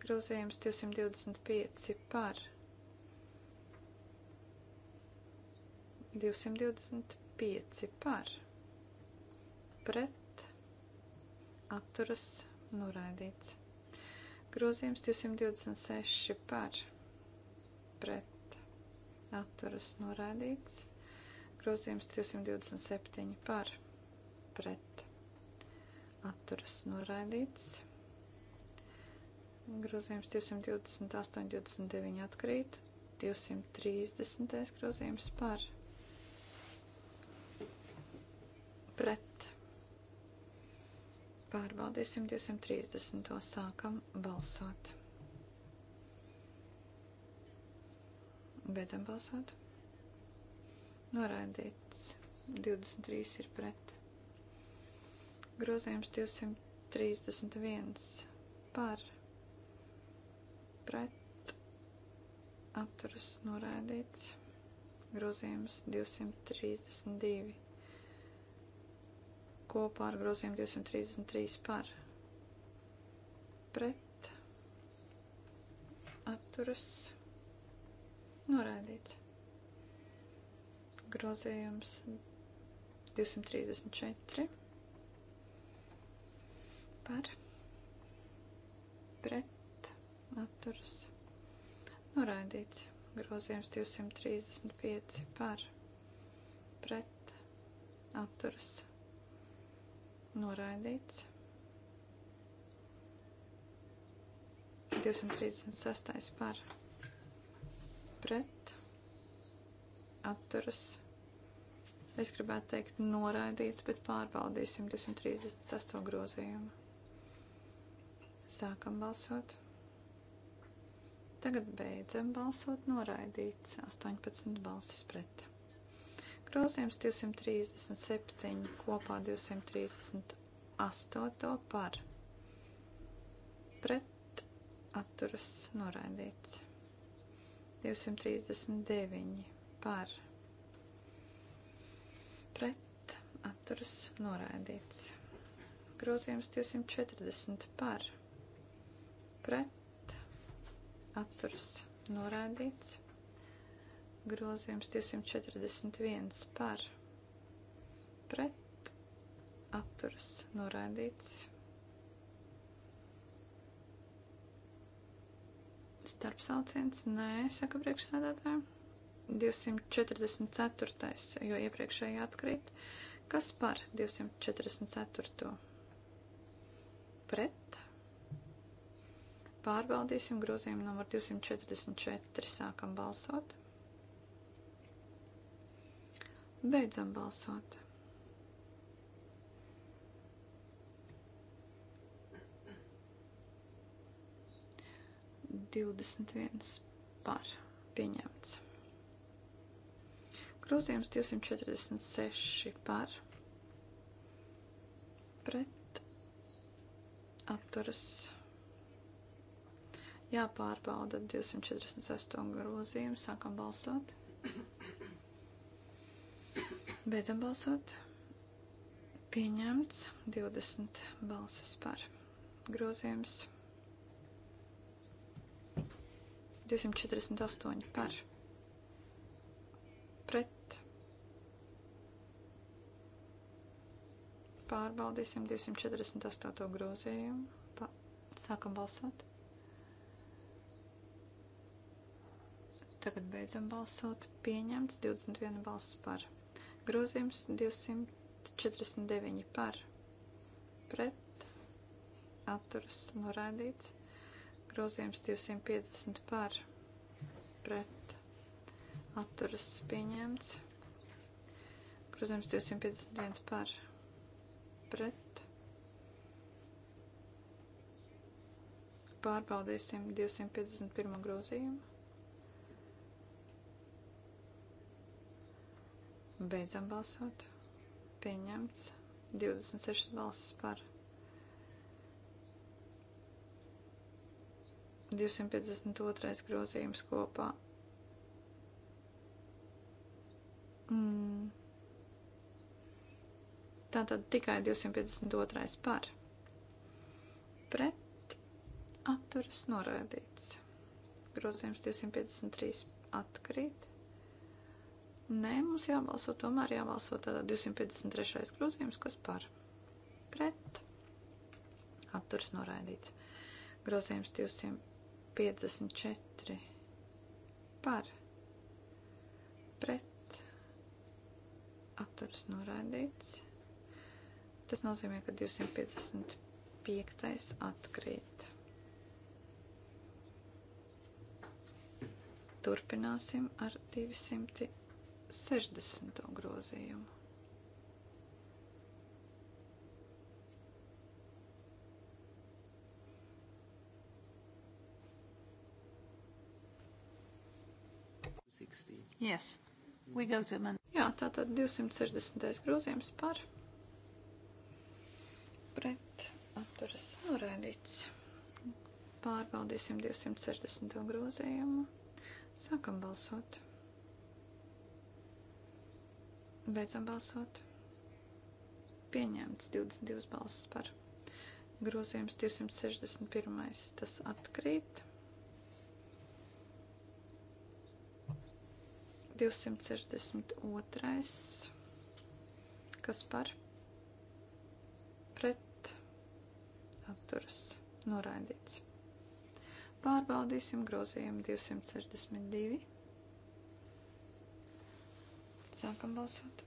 Grozījums 225 par 225 par pret atturas noraidīts. Grozījums 226 par pret atturas norādīts. Grozījums 227 par pret atturas norādīts. Grozījums 228, 29 atkrīt. 230. grozījums par pret Pārbaudīsim 230. sākam balsot. Beidzam balsot. Noraidīts 23 ir pret. Grozījums 231 par pret atturas noraidīts. Grozījums 232 kopā ar grozījumu 233 par pret atturas noraidīts. Grozījums 234 par pret atturas noraidīts. Grozījums 235 par pret atturas noraidīts Noraidīts. 236. par pret atturas. Es gribētu teikt noraidīts, bet pārbaudīsim 238 grozījumu. Sākam balsot. Tagad beidzam balsot noraidīts 18 balsis pret. Grozījums 237 kopā 238 par pret atturas noraidīts. 239 par pret atturas noraidīts. Grozījums 240 par pret atturas noraidīts grozījums 241 par pret atturas noraidīts. Starp sauciens, nē, saka priekšsēdētāji. 244, jo iepriekšēji atkrīt. Kas par 244? Pret. Pārbaudīsim grozījumu numur 244. Sākam balsot. Beidzam balsot. Divdesmit viens par pieņemts. Grozījums 246 par pret atturas jāpārbauda 248 grozījumu. Sākam balsot. Beidzam balsot. Pieņemts 20 balsis par grozījums. 248 par pret. Pārbaudīsim 248 grozījumu. Pa sākam balsot. Tagad beidzam balsot. Pieņemts 21 balsis par pret. Grozījums 249 par pret atturas noraidīts. Grozījums 250 par pret atturas pieņemts. Grozījums 251 par pret. Pārbaudīsim 251 grozījumu. Beidzam balsot. Pieņemts. 26 balsis par. 252. grozījums kopā. Mm. Tātad tikai 252. par. Pret atturas norādīts. Grozījums 253 atkrīt. Nē, mums jābalso tomēr jābalso tādā 253. grozījums, kas par pret atturs noraidīts. Grozījums 254 par pret atturs noraidīts. Tas nozīmē, ka 255. atkrīt. Turpināsim ar 200. 60. grozījumu. Yes. We go to amend. Jā, tātad 260. grozījums par pret atturas noraidīts. Pārbaudīsim 260. grozījumu. Sākam balsot. Beidzam balsot. Pieņemts 22 balsis par. Grozījums 261. Tas atkrīt. 262. Kas par? Pret. Atturas. Noraidīts. Pārbaudīsim grozījumu 262. Sākam balsot.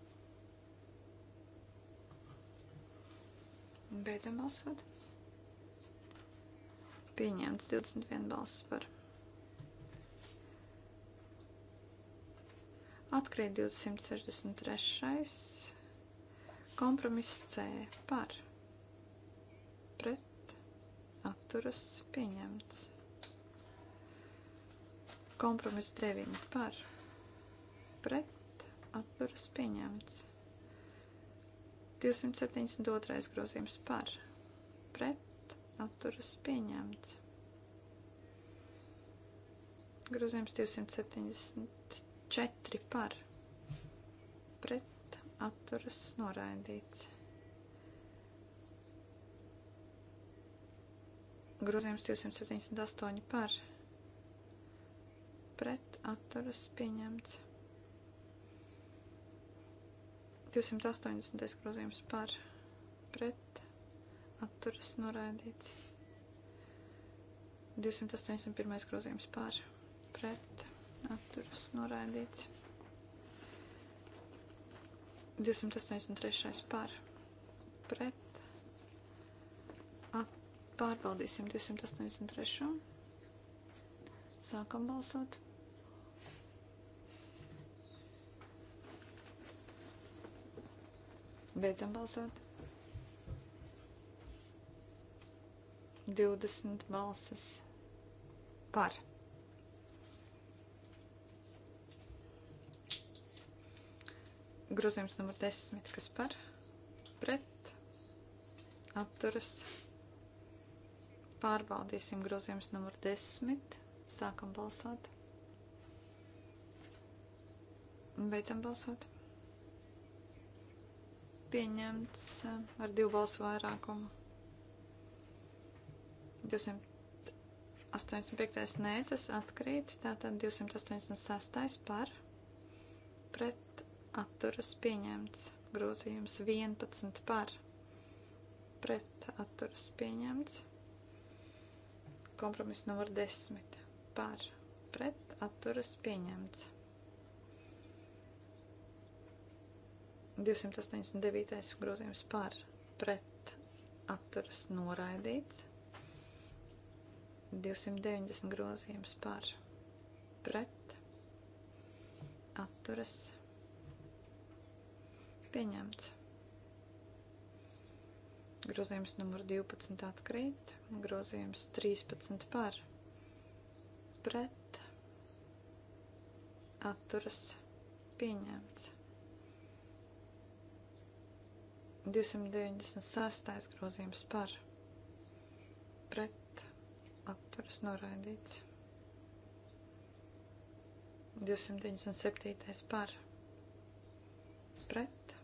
Beidzam balsot. Pieņemts 21 balsis par. Atkrīt 263. Kompromiss C par. Pret. Atturas pieņemts. Kompromiss 9 par. Pret atturas pieņemts. 272. grozījums par pret atturas pieņemts. Grozījums 274 par pret atturas noraidīts. Grozījums 278 par pret atturas pieņemts. 280. grozījums par pret atturas noraidīts. 281. grozījums par pret atturas noraidīts. 283. par pret at, pārbaudīsim 283. Sākam balsot. Beidzam balsot. 20 balsas par. Grozījums numur 10, kas par, pret, apturas. Pārbaudīsim grozījums numur 10. Sākam balsot. Beidzam balsot pieņemts eh, ar divu balsu vairākumu. 285. nē, tas atkrīt, tātad 286. par pret atturas pieņemts grozījums 11 par pret atturas pieņemts kompromiss numur 10 par pret atturas pieņemts. 289. grozījums par pret atturas noraidīts. 290 grozījums par pret atturas pieņemts. Grozījums numur 12 atkrīt, grozījums 13 par pret atturas pieņemts. 296. grozījums par pret atturas noraidīts. 297. par pret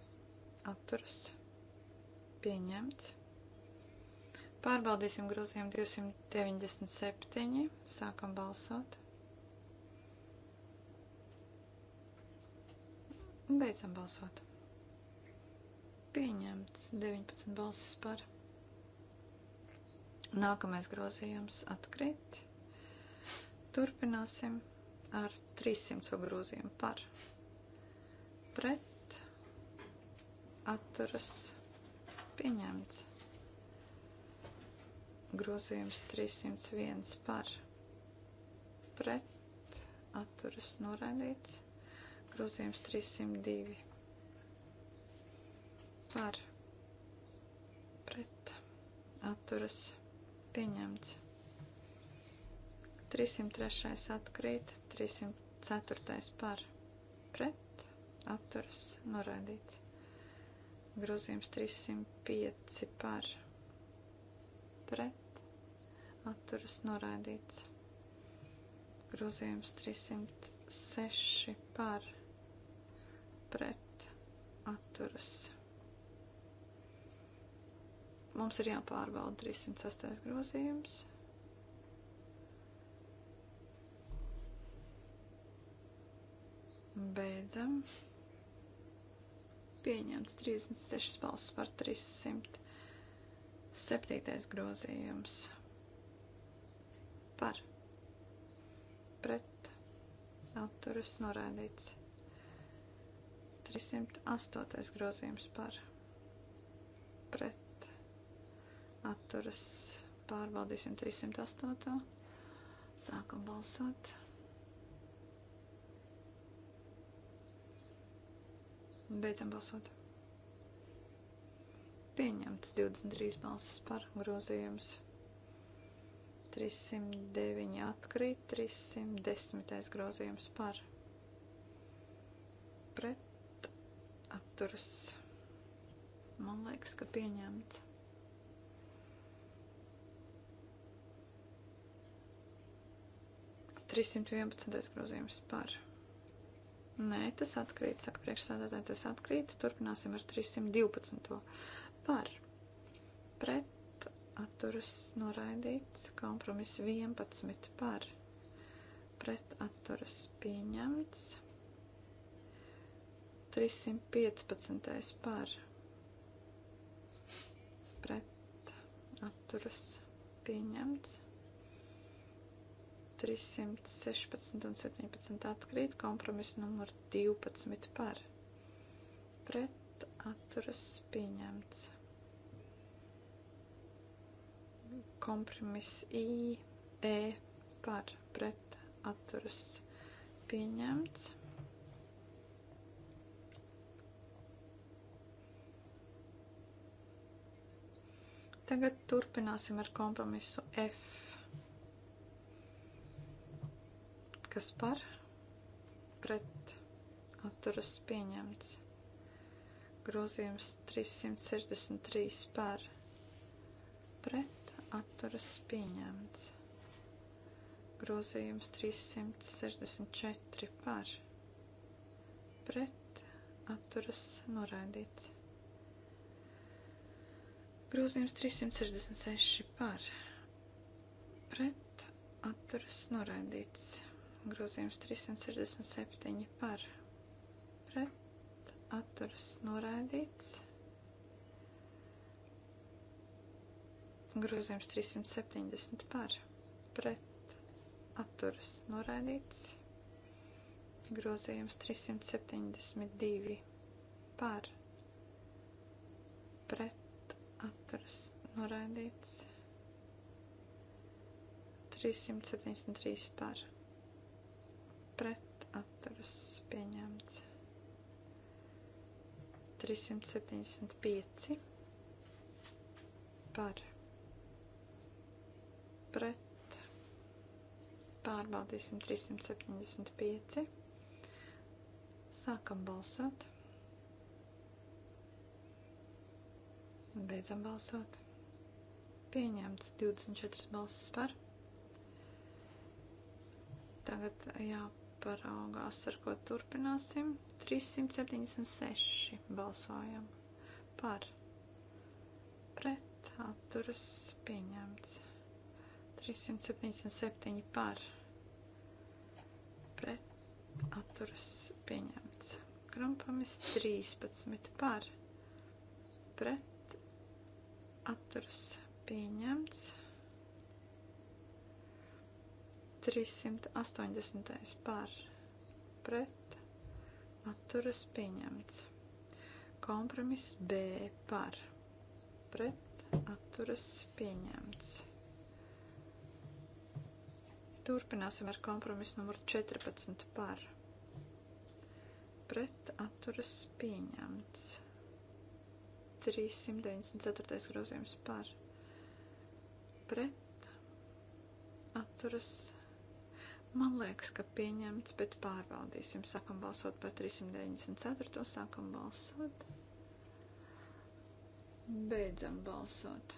atturas pieņemts. Pārbaudīsim grozījumu 297. Sākam balsot. Un beidzam balsot. Pieņemts 19 balsis par. Nākamais grozījums atkrīt. Turpināsim ar 300 grozījumu par. Pret atturas pieņemts. Grozījums 301 par. Pret atturas noraidīts. Grozījums 302 par pret atturas pieņemts. 303. atkrīt, 304. par pret atturas noraidīts. Grozījums 305 par pret atturas noraidīts. Grozījums 306 par pret atturas noraidīts Mums ir jāpārbauda 306. grozījums. Beidzam. Pieņemts 36 balsts par 307. grozījums. Par. Pret. Atturas norādīts. 308. grozījums par. Pret atturas pārbaudīsim 308. Sākam balsot. Beidzam balsot. Pieņemts 23 balsas par grozījums. 309 atkrīt, 310 grozījums par pret atturas. Man liekas, ka pieņemts. 311. grozījums par. Nē, tas atkrīt, saka priekšsādātāji, tas atkrīt. Turpināsim ar 312. par. Pret atturas noraidīts kompromiss 11 par. Pret atturas pieņemts. 315. par pret atturas pieņemts. 316 un 17 atkrīt, kompromiss numur 12 par pret atturas pieņemts. Kompromiss I, E par pret atturas pieņemts. Tagad turpināsim ar kompromisu F Kas par? Pret atturas pieņemts. Grozījums 363 par. Pret atturas pieņemts. Grozījums 364 par. Pret atturas noraidīts. Grozījums 366 par. Pret atturas noraidīts grozījums 367 par pret atturas noraidīts. Grozījums 370 par pret atturas noraidīts. Grozījums 372 par pret atturas noraidīts. 373 par pret pret atturas pieņemts. 375 par pret pārbaudīsim 375. Sākam balsot. Beidzam balsot. Pieņemts 24 balsis par. Tagad jā jāparaugās, ar ko turpināsim. 376 balsojam par pret atturas pieņemts. 377 par pret atturas pieņemts. Krumpamis 13 par pret atturas pieņemts. 380. par pret atturas pieņemts. Kompromiss B par pret atturas pieņemts. Turpināsim ar kompromisu numuru 14 par pret atturas pieņemts. 394. grozījums par pret atturas pieņemts Man liekas, ka pieņemts, bet pārbaudīsim. Sākam balsot par 394. Sākam balsot. Beidzam balsot.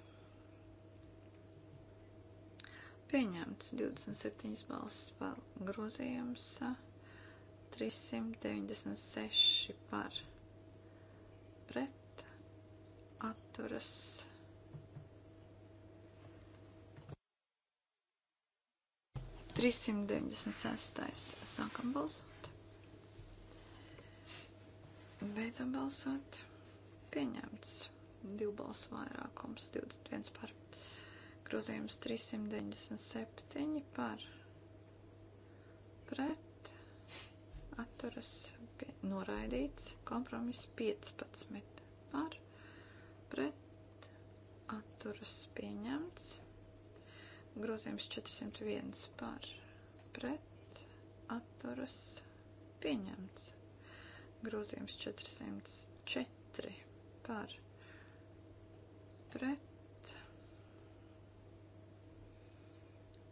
Pieņemts 27 balsis par grozījums, 396 par pret atturas 396. Sākam balsot. Beidzam balsot. Pieņemts. Divu balsu vairākums. 21 par. Grozījums 397 par. Pret. Atturas. Pie, noraidīts. Kompromiss 15 par. Pret. Atturas pieņemts. Grozījums 401 par pret atturas pieņemts. Grozījums 404 par pret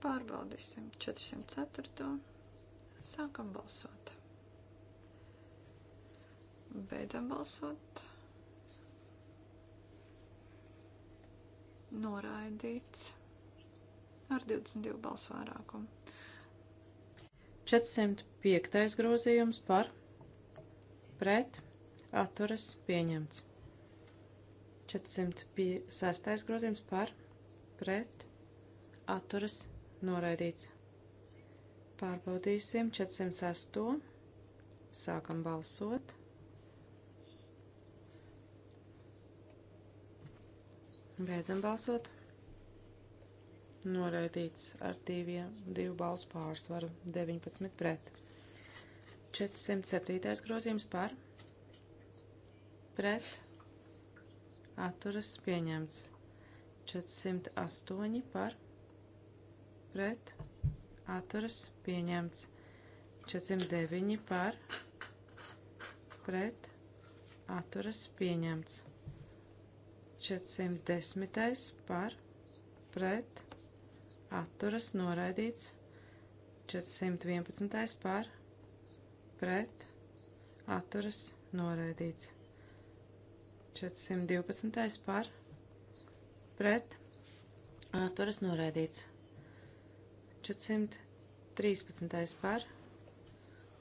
pārbaudīsim 404. Sākam balsot. Beidzam balsot. Noraidīts ar 22 balsu vairākumu. 405. grozījums par pret atturas pieņemts. 406. grozījums par pret atturas noraidīts. Pārbaudīsim 406. Sākam balsot. Beidzam balsot noraidīts ar diviem, divu balsu pārsvaru, 19 pret. 407. grozījums par, pret, atturas pieņemts. 408 par, pret, atturas pieņemts. 409 par, pret, atturas pieņemts. 410 par, pret, atturas noraidīts. 411. par pret atturas noraidīts. 412. par pret atturas noraidīts. 413. par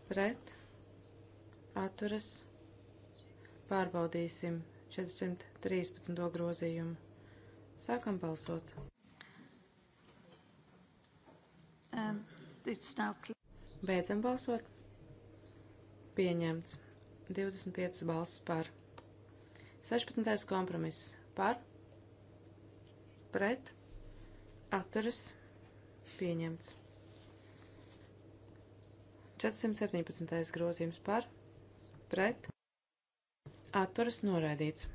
pret atturas pārbaudīsim 413. grozījumu. Sākam balsot! Beidzam balsot. Pieņemts. 25 balsis par. 16. kompromiss par. Pret. Atturas. Pieņemts. 417. grozījums par. Pret. Atturas noraidīts.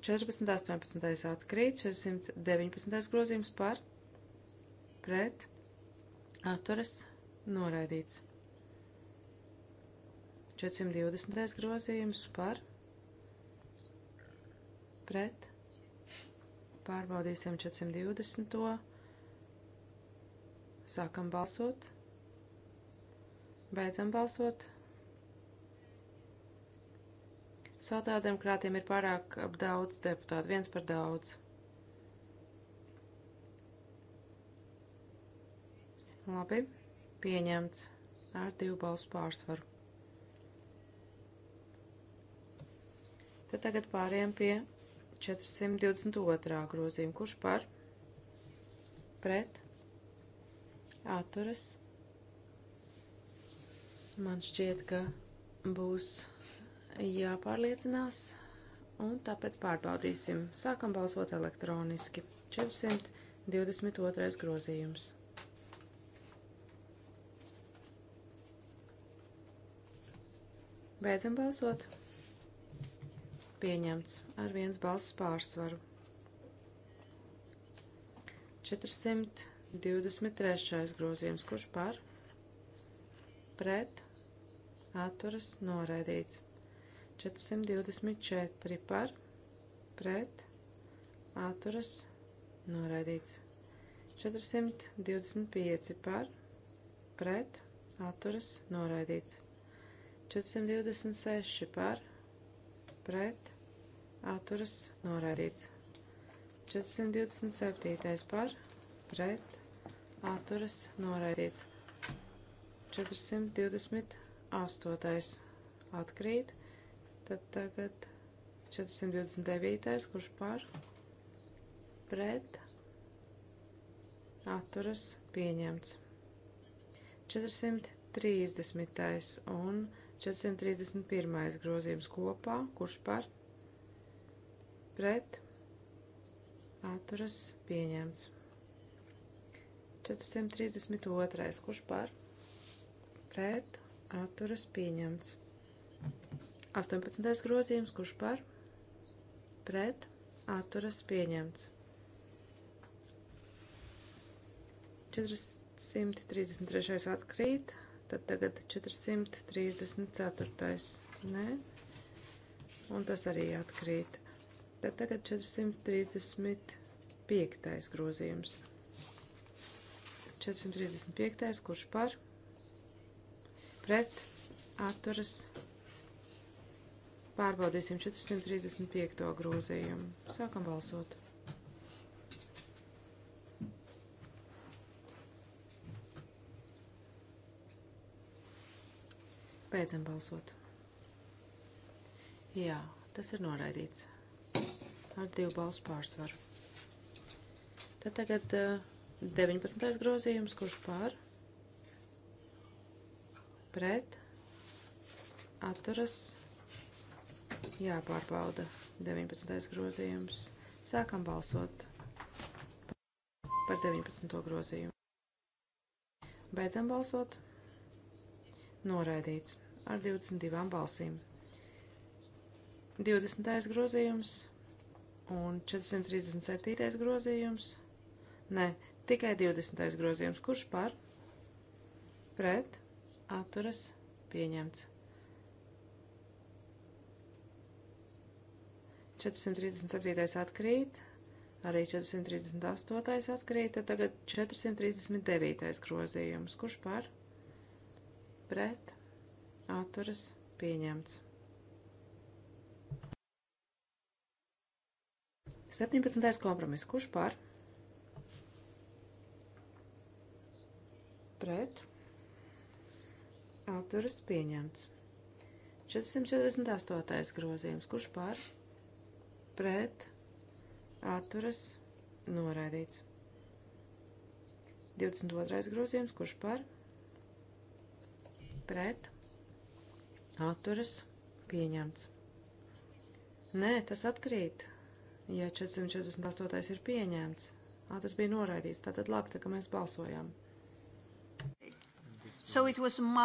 14, 18 atkrīt, 419 grozījums par pret atturas noraidīts. 420. grozījums par pret pārbaudīsim 420. Sākam balsot. Beidzam balsot. Sociāldemokrātiem ir pārāk daudz deputātu, viens par daudz. Labi, pieņemts ar divu balsu pārsvaru. Tad tagad pāriem pie 422. grozījuma. Kurš par? Pret? Atturas? Man šķiet, ka būs jāpārliecinās, un tāpēc pārbaudīsim. Sākam balsot elektroniski. 422. grozījums. Beidzam balsot. Pieņemts ar viens balss pārsvaru. 423. grozījums, kurš par, pret, atturas, noraidīts. 424 par, pret, atturas, noraidīts. 425 par, pret, atturas, noraidīts. 426 par pret atturas noraidīts. 427 par pret atturas noraidīts. 428 atkrīt, tad tagad 429, kurš par pret atturas pieņemts. 430 un 430. 431. grozījums kopā, kurš par pret atturas pieņemts. 432. kurš par pret atturas pieņemts. 18. grozījums, kurš par pret atturas pieņemts. 433. atkrīt. Tad tagad 434. Nē. Un tas arī atkrīt. Tad tagad 435. grozījums. 435. kurš par? Pret. Atturas. Pārbaudīsim 435. grozījumu. Sākam balsot. 435. Beidzam balsot. Jā, tas ir noraidīts. Ar divu balsu pārsvaru. Tad tagad uh, eh, 19. grozījums, kurš pār, pret, atturas, jāpārbauda 19. grozījums. Sākam balsot par 19. grozījumu. Beidzam balsot noraidīts ar 22 balsīm. 20. grozījums un 437. grozījums. Nē, tikai 20. grozījums. Kurš par? Pret. Atturas. Pieņemts. 437. atkrīt. Arī 438. atkrīt. Tagad 439. grozījums. Kurš par? pret atturas pieņemts. 17. kompromiss. Kurš par? Pret. Autors pieņemts. 448. grozījums. Kurš par? Pret. Autors noraidīts. 22. grozījums. Kurš par? Pret pret, atturas, pieņemts. Nē, tas atkrīt, ja 448 ir pieņemts. Ā, tas bija noraidīts, tātad labi, tā kā mēs balsojām. So it was my...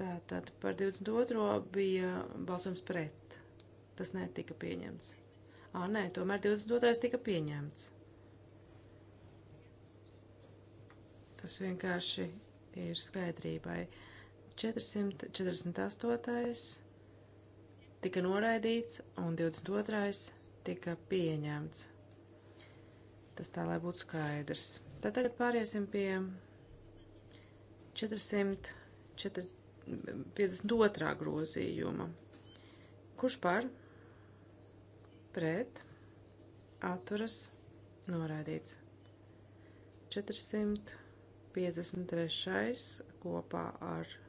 Tātad par 22. bija balsojums pret. Tas netika pieņemts. Ā, nē, tomēr 22. tika pieņemts. Tas vienkārši ir skaidrībai. Uh, 448. tika noraidīts un 22. tika pieņemts. Tas tā, lai būtu skaidrs. Tad tagad pāriesim pie 452. grozījuma. Kurš par? Pret? Atturas? Noraidīts. 453. kopā ar 452.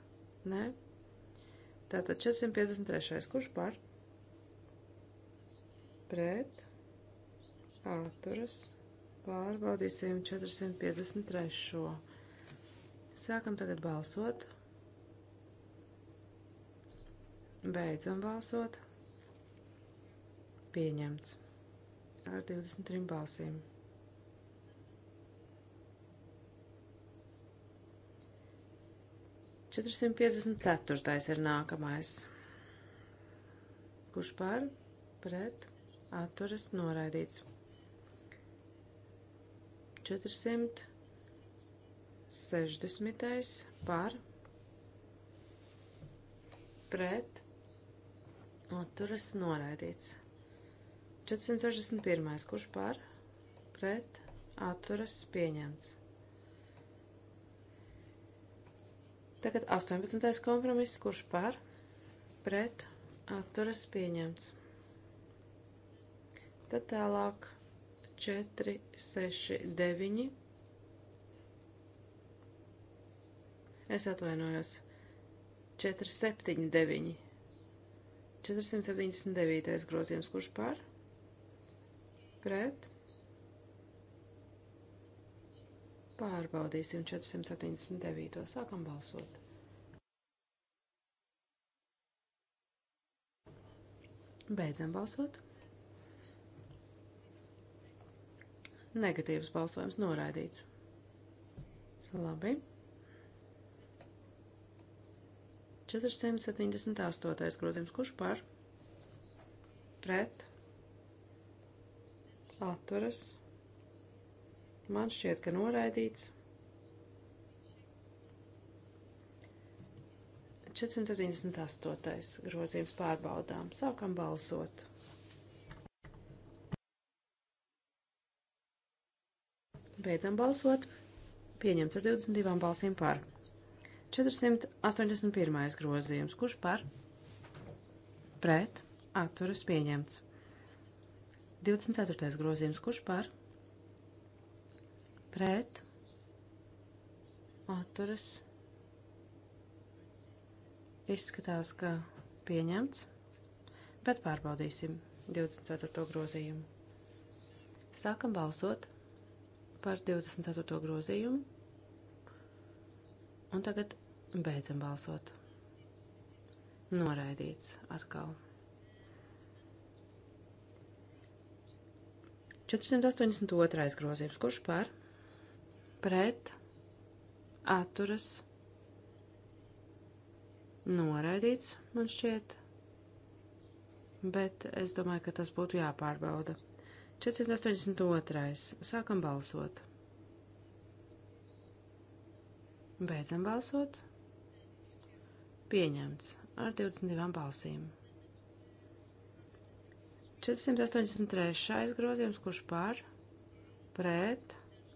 Nē. Tātad 453. Kurš par? Pret. Atturas. Pārbaudīsim 453. Sākam tagad balsot. Beidzam balsot. Pieņemts. Ar 23 balsīm. 454. ir nākamais. Kurš par? Pret. Atturas noraidīts. 460. par. Pret. Atturas noraidīts. 461. Kurš par? Pret. Atturas pieņemts. Tagad 18. kompromiss, kurš par, pret, atturas pieņemts. Tad tālāk 4, 6, 9. Es atvainojos. 4, 7, 9. 479. grozījums, kurš par, pret, Pārbaudīsim 479. Sākam balsot. Beidzam balsot. Negatīvs balsojums noraidīts. Labi. 478. grozījums. Kurš par? Pret. Atturas. Man šķiet, ka noraidīts. 478. grozījums pārbaudām. Sākam balsot. Beidzam balsot. Pieņemts ar 22 balsīm par. 481. grozījums. Kurš par? Pret. Atturas pieņemts. 24. grozījums. Kurš par? pret atturas izskatās, ka pieņemts, bet pārbaudīsim 24. grozījumu. Sākam balsot par 24. grozījumu un tagad beidzam balsot. Noraidīts atkal. 482. grozījums. Kurš par? pret atturas noraidīts, man šķiet, bet es domāju, ka tas būtu jāpārbauda. 482. Sākam balsot. Beidzam balsot. Pieņemts ar 22 balsīm. 483. grozījums, kurš pār, pret,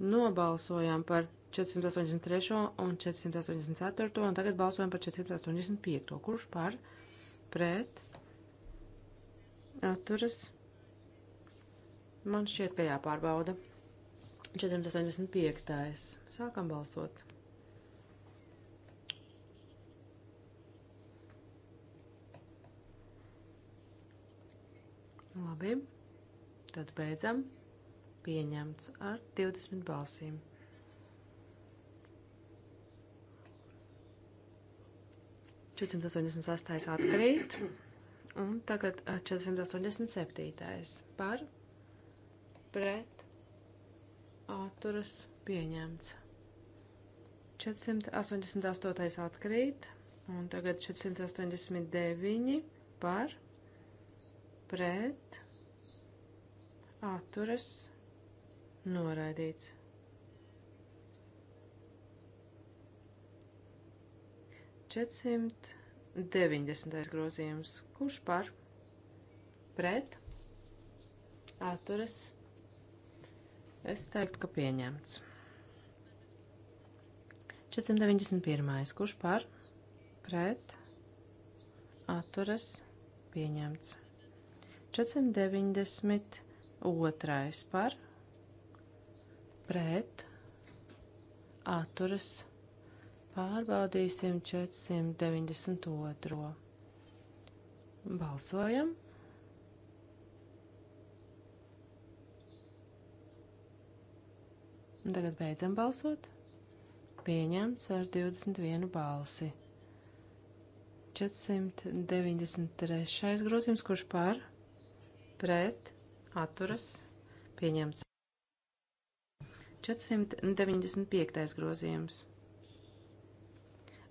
Nobalsojām par 483. un 484. un tagad balsojam par 485. Kurš par pret atturas? Man šķiet, ka jāpārbauda. 485. Sākam balsot. Labi, tad beidzam pieņemts ar 20 balsīm. Četrsimt astoņdesmit sastais atkrīt, un tagad eh, četrsimt astoņdesmit septītais par pret atturas pieņemts. 488 atkrīt, un tagad 489 par pret atturas Noraidīts. Četsimt deviņdesmitais grozījums. Kurš par? Pret? Atturas? Es teiktu, ka pieņemts. 491. Kurš par? Pret. Atturas. Pieņemts. 492. Par pret atturas pārbaudīsim 492. Balsojam. Un tagad beidzam balsot. Pieņemts ar 21 balsi. 493. grozījums, kurš par, pret, atturas, pieņemts. 495. grozījums.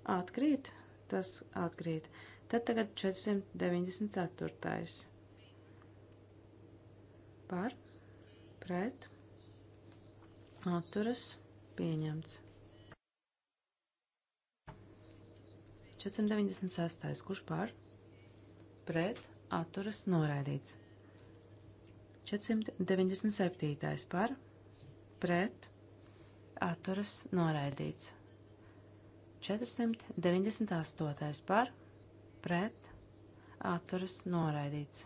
Atkrīt, tas atkrīt. Tad tagad 494. Par, pret, atturas, pieņemts. 496. Kurš par, pret, atturas, noraidīts. 497. par, pret pret atturas noraidīts. 498. par pret atturas noraidīts.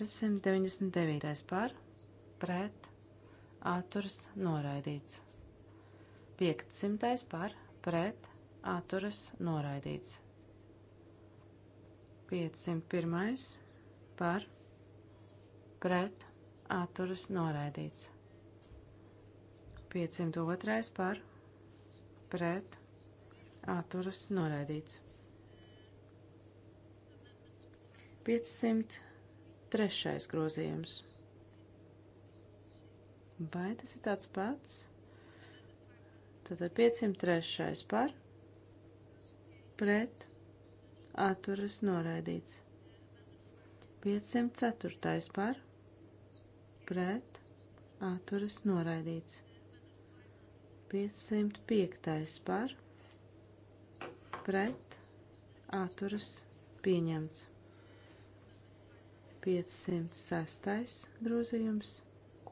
499. par pret atturas noraidīts. 500. par pret atturas noraidīts. 501. par pret atturas noraidīts. 502. par pret atturas noraidīts. 503. grozījums. Vai tas ir tāds pats? Tātad 503. par pret atturas noraidīts. 504. par pret atturas noraidīts. 505. par pret atturas pieņemts. 506. grozījums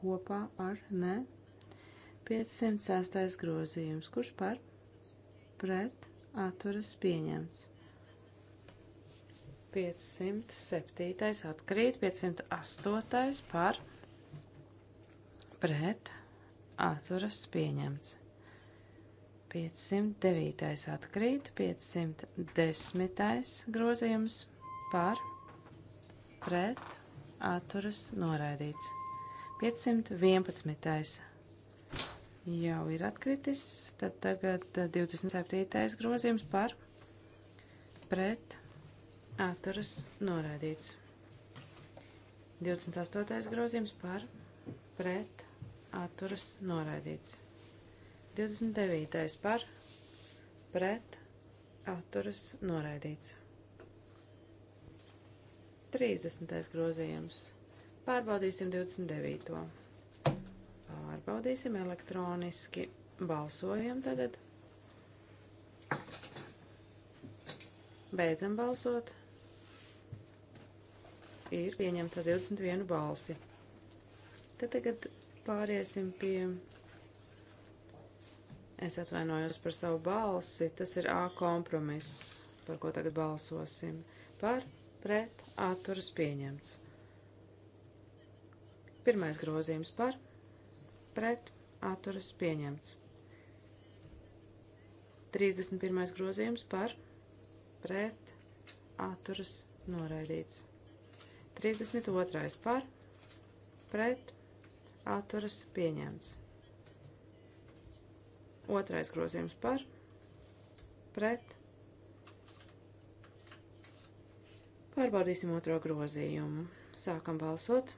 kopā ar ne. 506. grozījums, kurš par pret atturas pieņemts. 507. atkrīt, 508. par pret atturas pieņemts. 509. atkrīt, 510. grozījums par, pret, atturas noraidīts. 511. jau ir atkritis, tad tagad 27. Eh, grozījums par, pret, atturas noraidīts. 28. grozījums par, pret, atturas noraidīts. 29. par pret atturas noraidīts. 30. grozījums. Pārbaudīsim 29. Pārbaudīsim elektroniski. Balsojam tagad. Beidzam balsot. Ir pieņemts ar 21 balsi. Tad tagad pāriesim pie Es atvainojos par savu balsi. Tas ir A kompromiss, par ko tagad balsosim. Par, pret, atturas pieņemts. Pirmais grozījums par, pret, atturas pieņemts. 31. grozījums par, pret, atturas noraidīts. 32. par, pret, atturas pieņemts. Otrais grozījums par, pret. Pārbaudīsim otro grozījumu. Sākam balsot.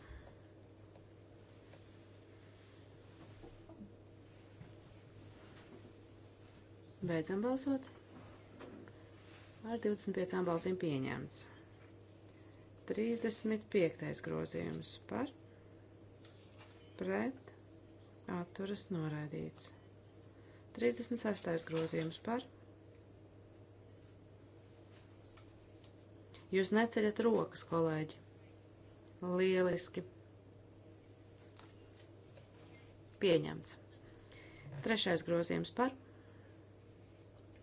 Beidzam balsot. Ar 25 balsīm pieņemts. 35. grozījums par, pret, atturas noraidīts. 36. grozījums par. Jūs neceļat rokas, kolēģi. Lieliski. Pieņemts. Trešais grozījums par.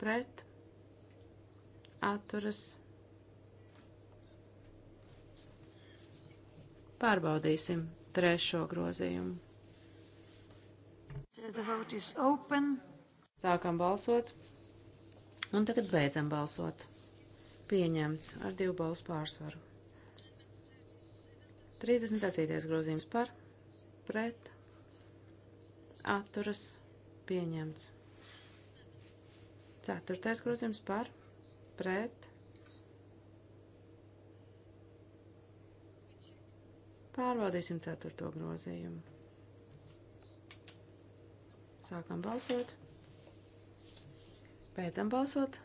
Pret. Atturas. Pārbaudīsim trešo grozījumu. The vote is open. Sākam balsot. Un tagad beidzam balsot. Pieņemts ar divu balsu pārsvaru. 37. grozījums par, pret, atturas, pieņemts. 4. grozījums par, pret, pārbaudīsim 4. grozījumu. Sākam balsot. Beidzam balsot.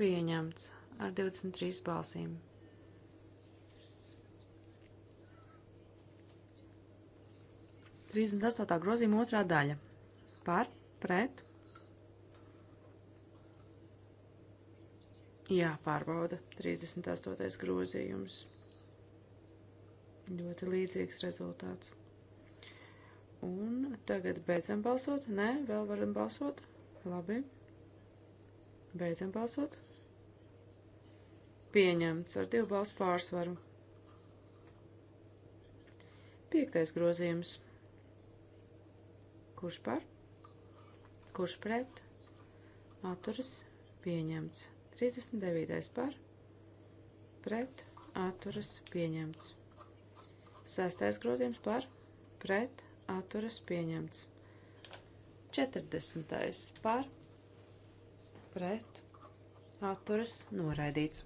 Pieņemts ar 23 balsīm. Trīsdesmit astotā grozījuma otrā daļa. Par, pret. Jā, pārbauda. 38. grozījums. Ļoti līdzīgs rezultāts. Un tagad beidzam balsot. Nē, vēl varam balsot. Labi. Beidzam balsot. Pieņemts ar divu balstu pārsvaru. Piektais grozījums. Kurš par? Kurš pret? Atturas pieņemts. 39. par? Pret? Atturas pieņemts. Sestais grozījums par? Pret? Atturas pieņemts. 40. par? pret atturas noraidīts.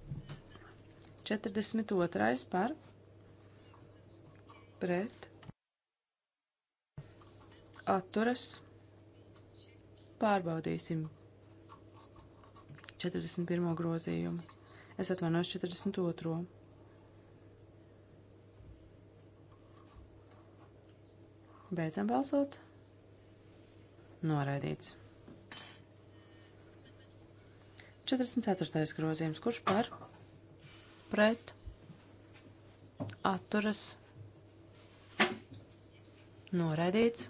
42. par pret atturas pārbaudīsim 41. grozījumu. Es atvainojos 42. Beidzam balsot. Noraidīts. 44. grozījums, kurš par pret atturas noraidīts.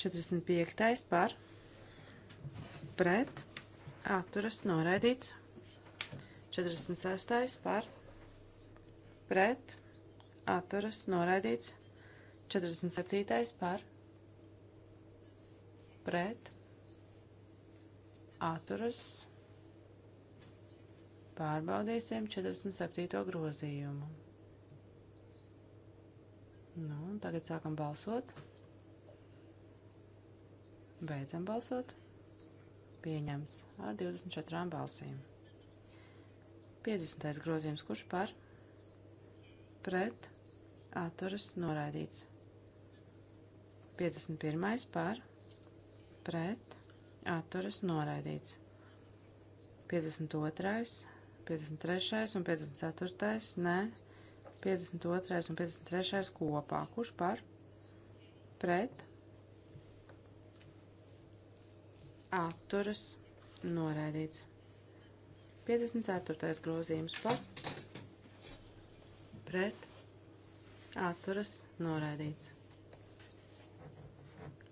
45. par pret atturas noraidīts. 46. par pret atturas noraidīts. 47. par pret atturas. Pārbaudīsim 47. grozījumu. Nu, tagad sākam balsot. Beidzam balsot. Pieņems ar 24 balsīm. 50. grozījums, kurš par pret atturas noraidīts. 51. par pret atturas noraidīts. 52., 53. un 54. nē, 52. un 53. kopā. Kurš par? Pret? Atturas noraidīts. 54. grozījums par? Pret? Atturas noraidīts.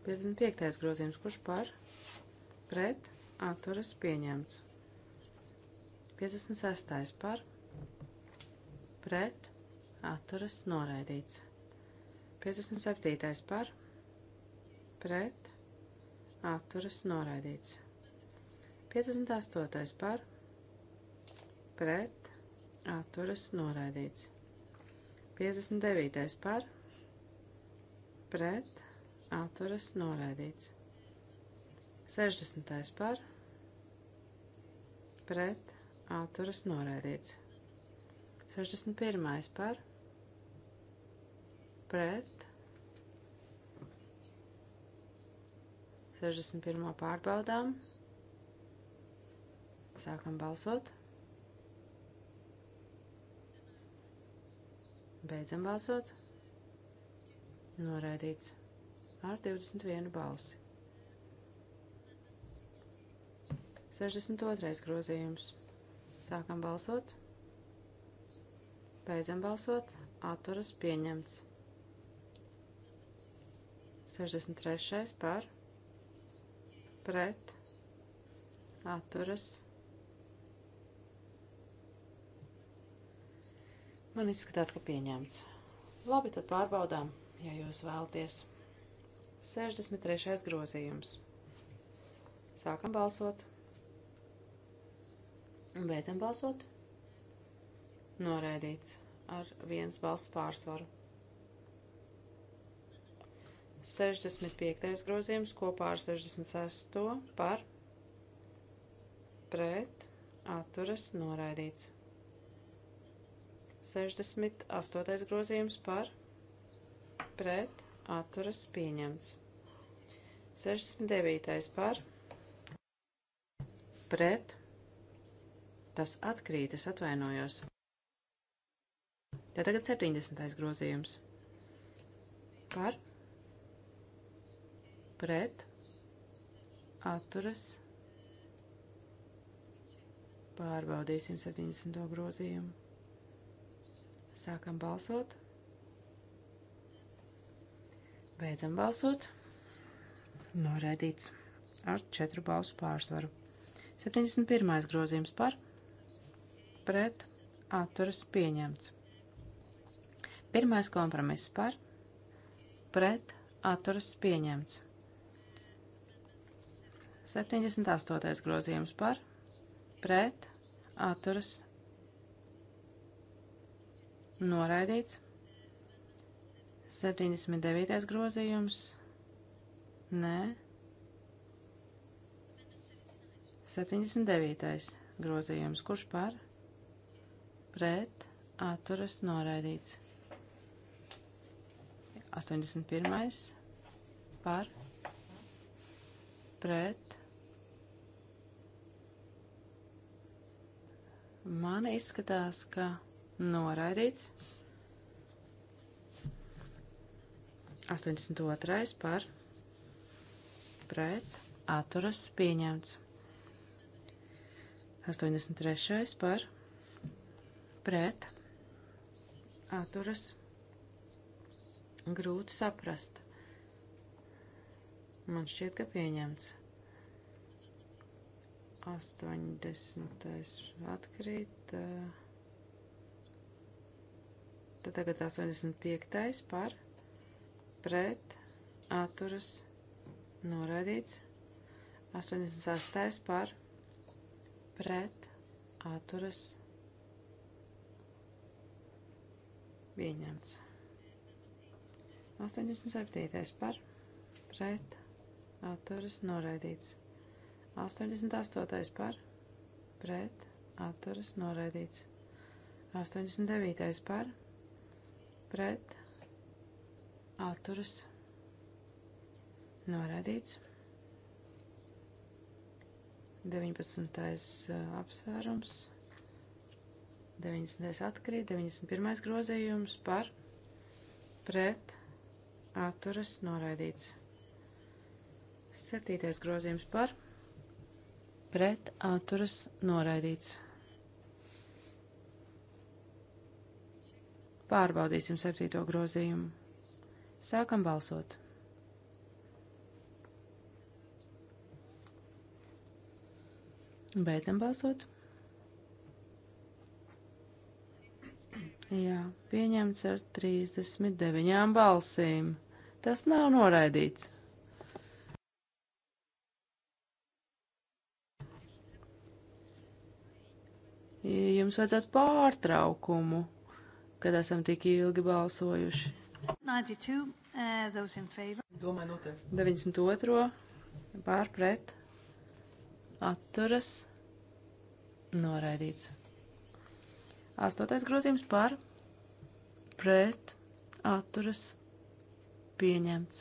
55. grozījums kurš par? Pret? pret atturas pieņemts. 56. par pret atturas noraidīts. 57. par pret atturas noraidīts. 58. par pret atturas noraidīts. 59. par pret atturas noraidīts. 60. par pret atturas noraidīts. 61. par pret 61. pārbaudām. Sākam balsot. Beidzam balsot. Noraidīts ar 21 balsi. 62. grozījums. Sākam balsot. Beidzam balsot. Atturas pieņemts. 63. par. Pret. Atturas. Man izskatās, ka pieņemts. Labi, tad pārbaudām, ja jūs vēlaties. 63. grozījums. Sākam balsot. Beidzam balsot. Noraidīts ar viens balss pārsvaru. 65. grozījums kopā ar 66. par pret atturas noraidīts. 68. grozījums par pret atturas pieņemts. 69. par pret Tas atkrīt, es atvainojos. Tā tagad 70. grozījums. Par, pret, atturas, pārbaudīsim 70. grozījumu. Sākam balsot. Beidzam balsot. Noraidīts ar četru balsu pārsvaru. 71. grozījums par, pret atturas pieņemts. Pirmais kompromiss par pret atturas pieņemts. 78. grozījums par pret atturas noraidīts. 79. grozījums nē. 79. grozījums kurš par pret atturas noraidīts. 81. par pret man izskatās, ka noraidīts. 82. par pret atturas pieņemts. 83. par pret pret atturas grūti saprast. Man šķiet, ka pieņemts. 80. atkrīt. Eh, tad tagad 85. par pret atturas noraidīts. 86. par pret atturas noraidīts pieņemts. 87. par pret atturas noraidīts. 88. par pret atturas noraidīts. 89. par pret atturas noraidīts. 19. Uh, apsvērums 90. atkrīt, 91. grozījums par pret atturas noraidīts. 7. grozījums par pret atturas noraidīts. Pārbaudīsim 7. grozījumu. Sākam balsot. Beidzam balsot. Jā, pieņemts ar 39 balsīm. Tas nav noraidīts. Jums vajadzētu pārtraukumu, kad esam tik ilgi balsojuši. 92, uh, Domāju, no 92. pārpret atturas noraidīts. Astotais grozījums par pret atturas pieņemts.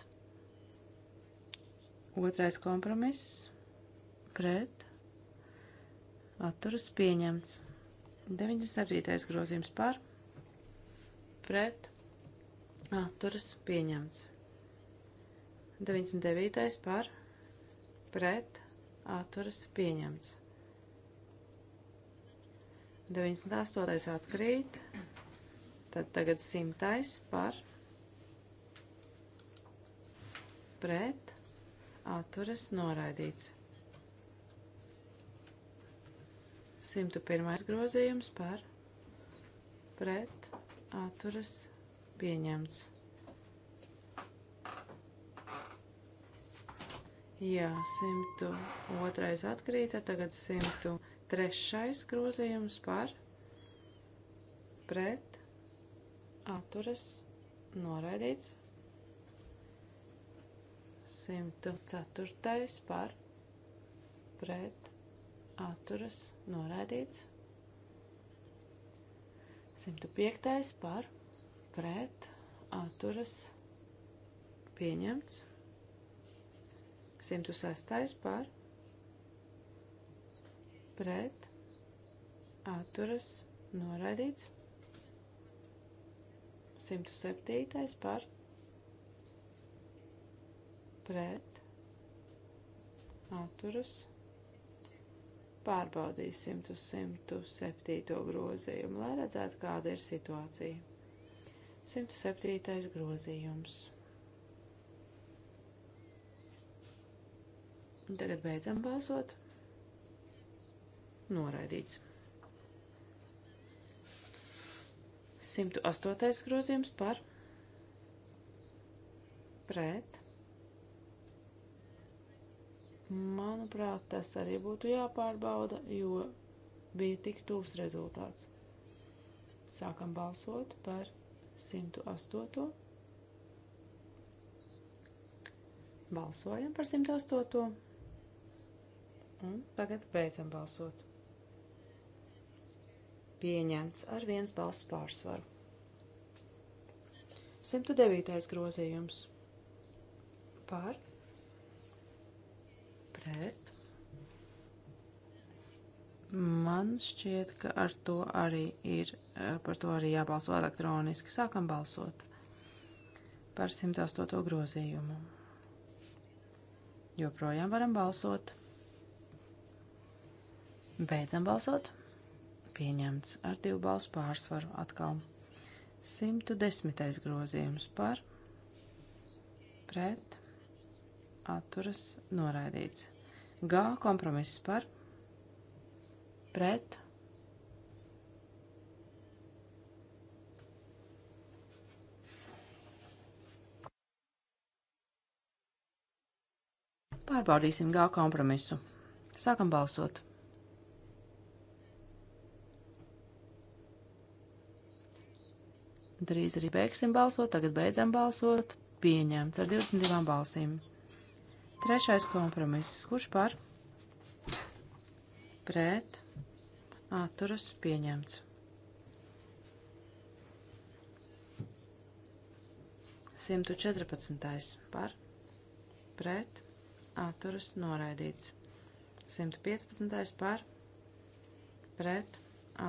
Otrais kompromiss pret atturas pieņemts. 97. grozījums par pret atturas pieņemts. 99. par pret atturas pieņemts. 98. atkrīt, tad tagad 100. par pret atturas noraidīts. 101. grozījums par pret atturas pieņemts. Jā, 102. atkrīta, tagad 100. Trešais grozījums par pret atturas noraidīts. 104. par pret atturas noraidīts. 105. par pret atturas pieņemts. 106. par pret atturas noraidīts. 107. par pret atturas pārbaudīsim uz 107. grozījumu, lai redzētu, kāda ir situācija. 107. grozījums. Un tagad beidzam balsot. Noraidīts. 108. grozījums par pret. Manuprāt, tas arī būtu jāpārbauda, jo bija tik tūs rezultāts. Sākam balsot par 108. Balsojam par 108. Un tagad beidzam balsot pieņemts ar viens balss pārsvaru. 109. grozījums par pret. Man šķiet, ka ar to arī ir, eh, par to arī jābalso elektroniski. Sākam balsot par 108. grozījumu. Joprojām varam balsot. Beidzam balsot pieņemts ar divu balsu pārsvaru atkal. 110. grozījums par, pret, atturas, noraidīts. G kompromiss par, pret, Pārbaudīsim gā kompromisu. Sākam balsot. Drīz arī beigsim balsot, tagad beidzam balsot. Pieņemts ar 22 balsīm. Trešais kompromiss. Kurš par? Pret. Atturas pieņemts. Simtu četrpadsmitais par. Pret. Atturas noraidīts. 115. par pret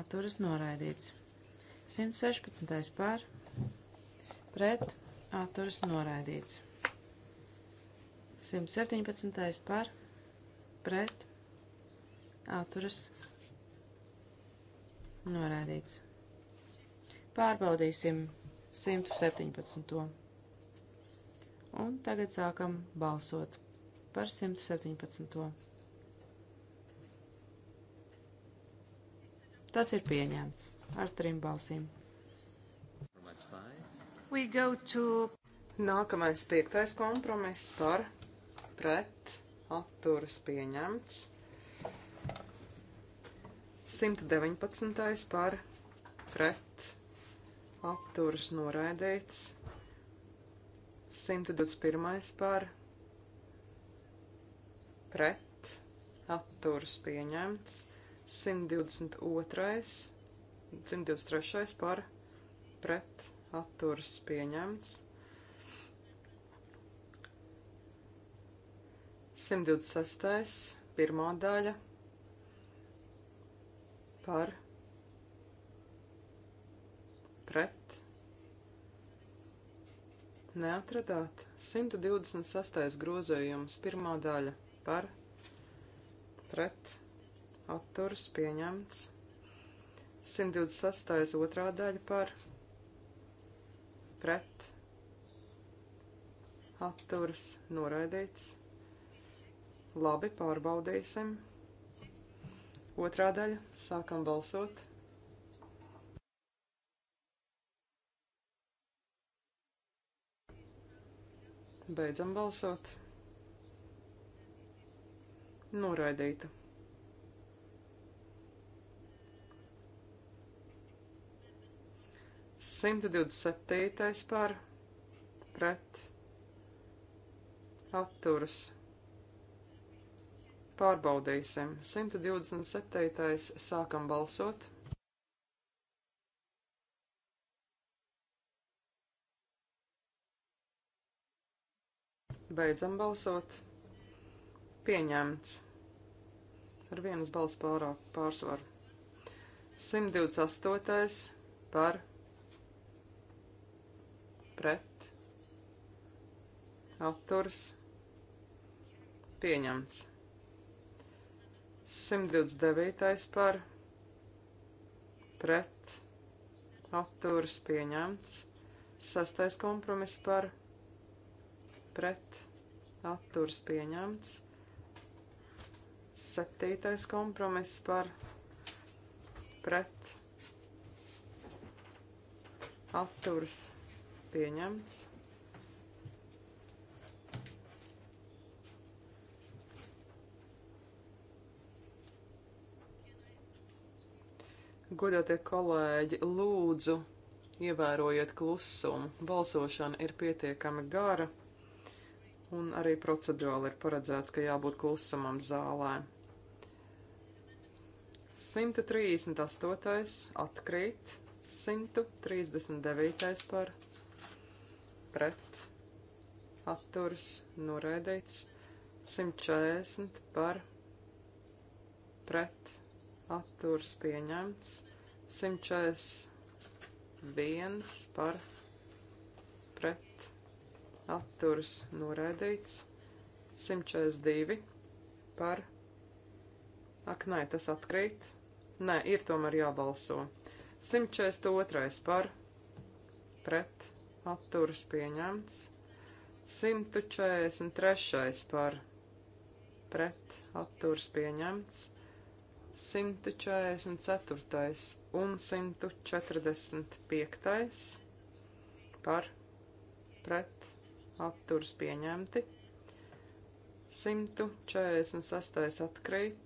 atturas noraidīts. 116. pār pret atturas noraidīts. 117. par pret atturas norādīts. Pārbaudīsim 117. Un tagad sākam balsot par 117. Tas ir pieņemts ar trim balsīm. To... Nākamais piektais kompromiss par pret atturas pieņemts. 119. par pret atturas noraidīts. 121. par pret atturas pieņemts. 122 123. par pret atturs pieņemts. 126. pirmā daļa par pret neatradāt. 126. grozējums pirmā daļa par pret atturs pieņemts. 126. otrā daļa par pret atturas noraidīts. Labi, pārbaudīsim. Otrā daļa. Sākam balsot. Beidzam balsot. Noraidīta. 127. par pret atturas. Pārbaudīsim. 127. sākam balsot. Beidzam balsot. Pieņemts. Ar vienas balss pārāk pārsvaru. 128. par pret pret, atturs, pieņemts. 129. par, pret, atturs, pieņemts. 6. kompromiss par, pret, atturs, pieņemts. 7. kompromiss par, pret, atturs, pieņemts atturas pieņemts. Godātie kolēģi, lūdzu, ievērojiet klusumu. Balsošana ir pietiekami gara, un arī procedūra ir paredzēts, ka jābūt klusumam zālē. 138. atkrīt, 139. par pret, atturas, noraidīts, 140 par, pret, atturas, pieņemts, 141 par, pret, atturas, noraidīts, 142 par, ak, nē, tas atkrīt, nē, ir tomēr jābalso, 142 par, pret, atturas pieņemts. 143. par pret atturas pieņemts. 144. un 145. par pret atturas pieņemti. 146. atkrīt.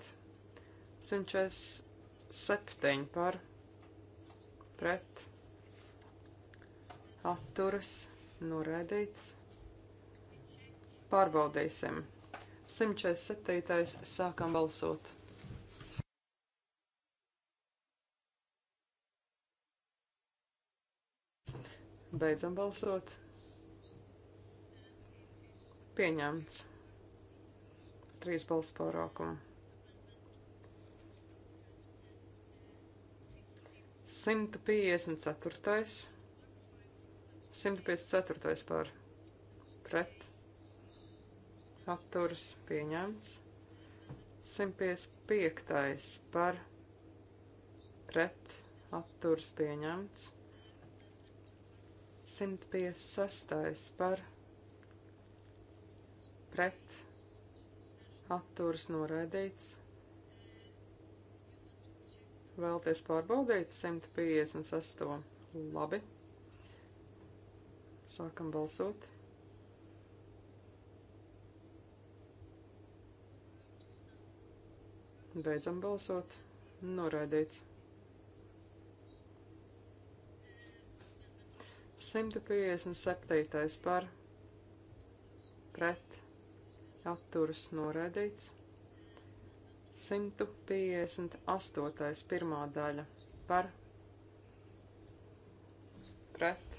147 par pret atturas, noraidīts. Pārbaudīsim. 147. sākam balsot. Beidzam balsot. Pieņemts. Trīs balss pārākumu. 154. 154. par pret atturas pieņemts. 155. par pret atturas pieņemts. 156. par pret atturas noraidīts. Vēlties pārbaudīt 158. Labi. Sākam balsot. Beidzam balsot. Noraidīts. 157. par pret atturas noraidīts. 158. pirmā daļa par pret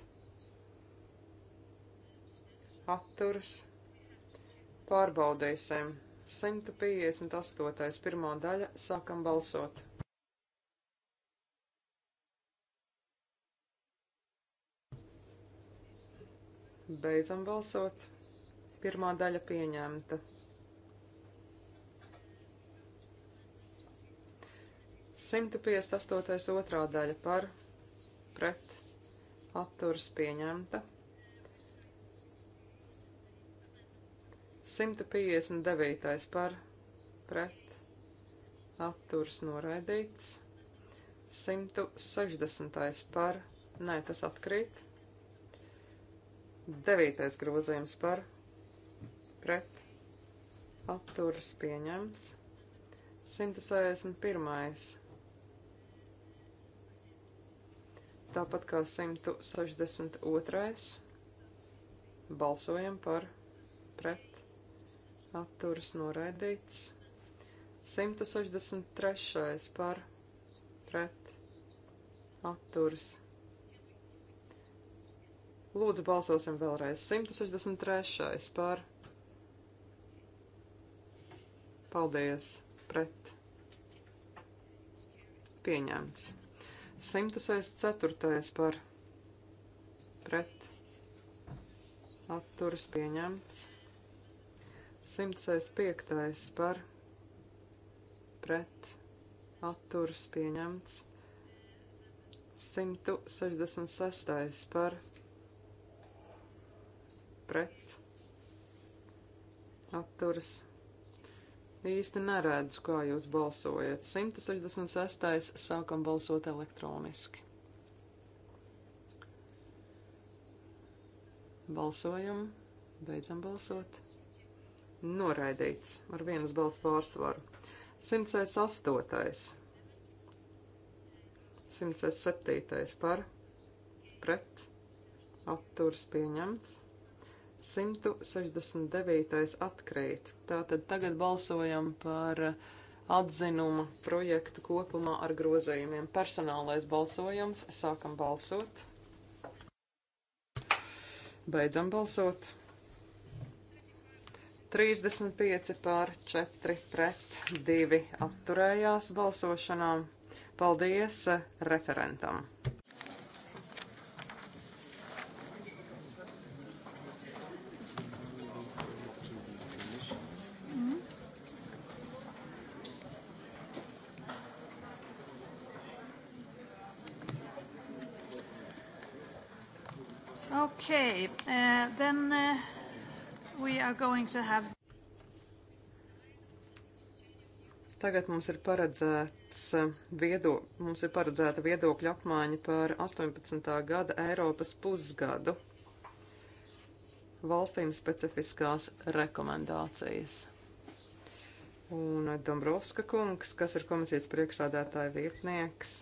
atturas pārbaudīsim. 158. pirmā daļa sākam balsot. Beidzam balsot. Pirmā daļa pieņemta. Simta piest astotais otrā daļa par pret atturas pieņemta. 159. par pret atturs noraidīts. 160. par, nē, tas atkrīt. 9. grozījums par pret atturs pieņemts. 161. Tāpat kā 162. balsojam par pret atturas noraidīts. 163. par pret atturas. Lūdzu, balsosim vēlreiz. 163. par paldies pret pieņemts. 164. par pret atturas pieņemts. 105. par pret atturas pieņemts. 166. par pret atturas. Īsti neredzu, kā jūs balsojat. 166. sākam balsot elektroniski. Balsojam, beidzam balsot. Noraidīts ar vienas balss pārsvaru. 108. 107. par pret atturs pieņemts. 169. atkrīt. Tātad tagad balsojam par atzinuma projektu kopumā ar grozējumiem. Personālais balsojums. Sākam balsot. Beidzam balsot. 35 pār 4 pret 2 atturējās balsošanām. Paldies referentam! Okay, uh, then uh, we are going to have. Tagad mums ir paredzēts eh, viedo, mums ir paredzēta viedokļa apmaiņa par 18. gada Eiropas pusgadu valstīm specifiskās rekomendācijas. Un Dombrovska kungs, kas ir komisijas priekšsādātāja vietnieks,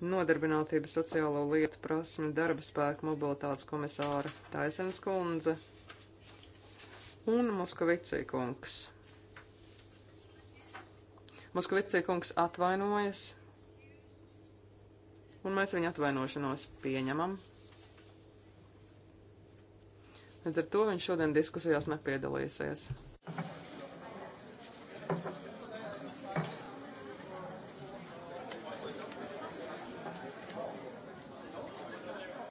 nodarbinātības sociālo lietu prasmi darba spēka mobilitātes komisāra Taisens kundze un Moskavicī kungs. Moskavicī kungs atvainojas, un mēs viņa atvainošanos pieņemam. Līdz ar to viņš šodien diskusijās nepiedalīsies.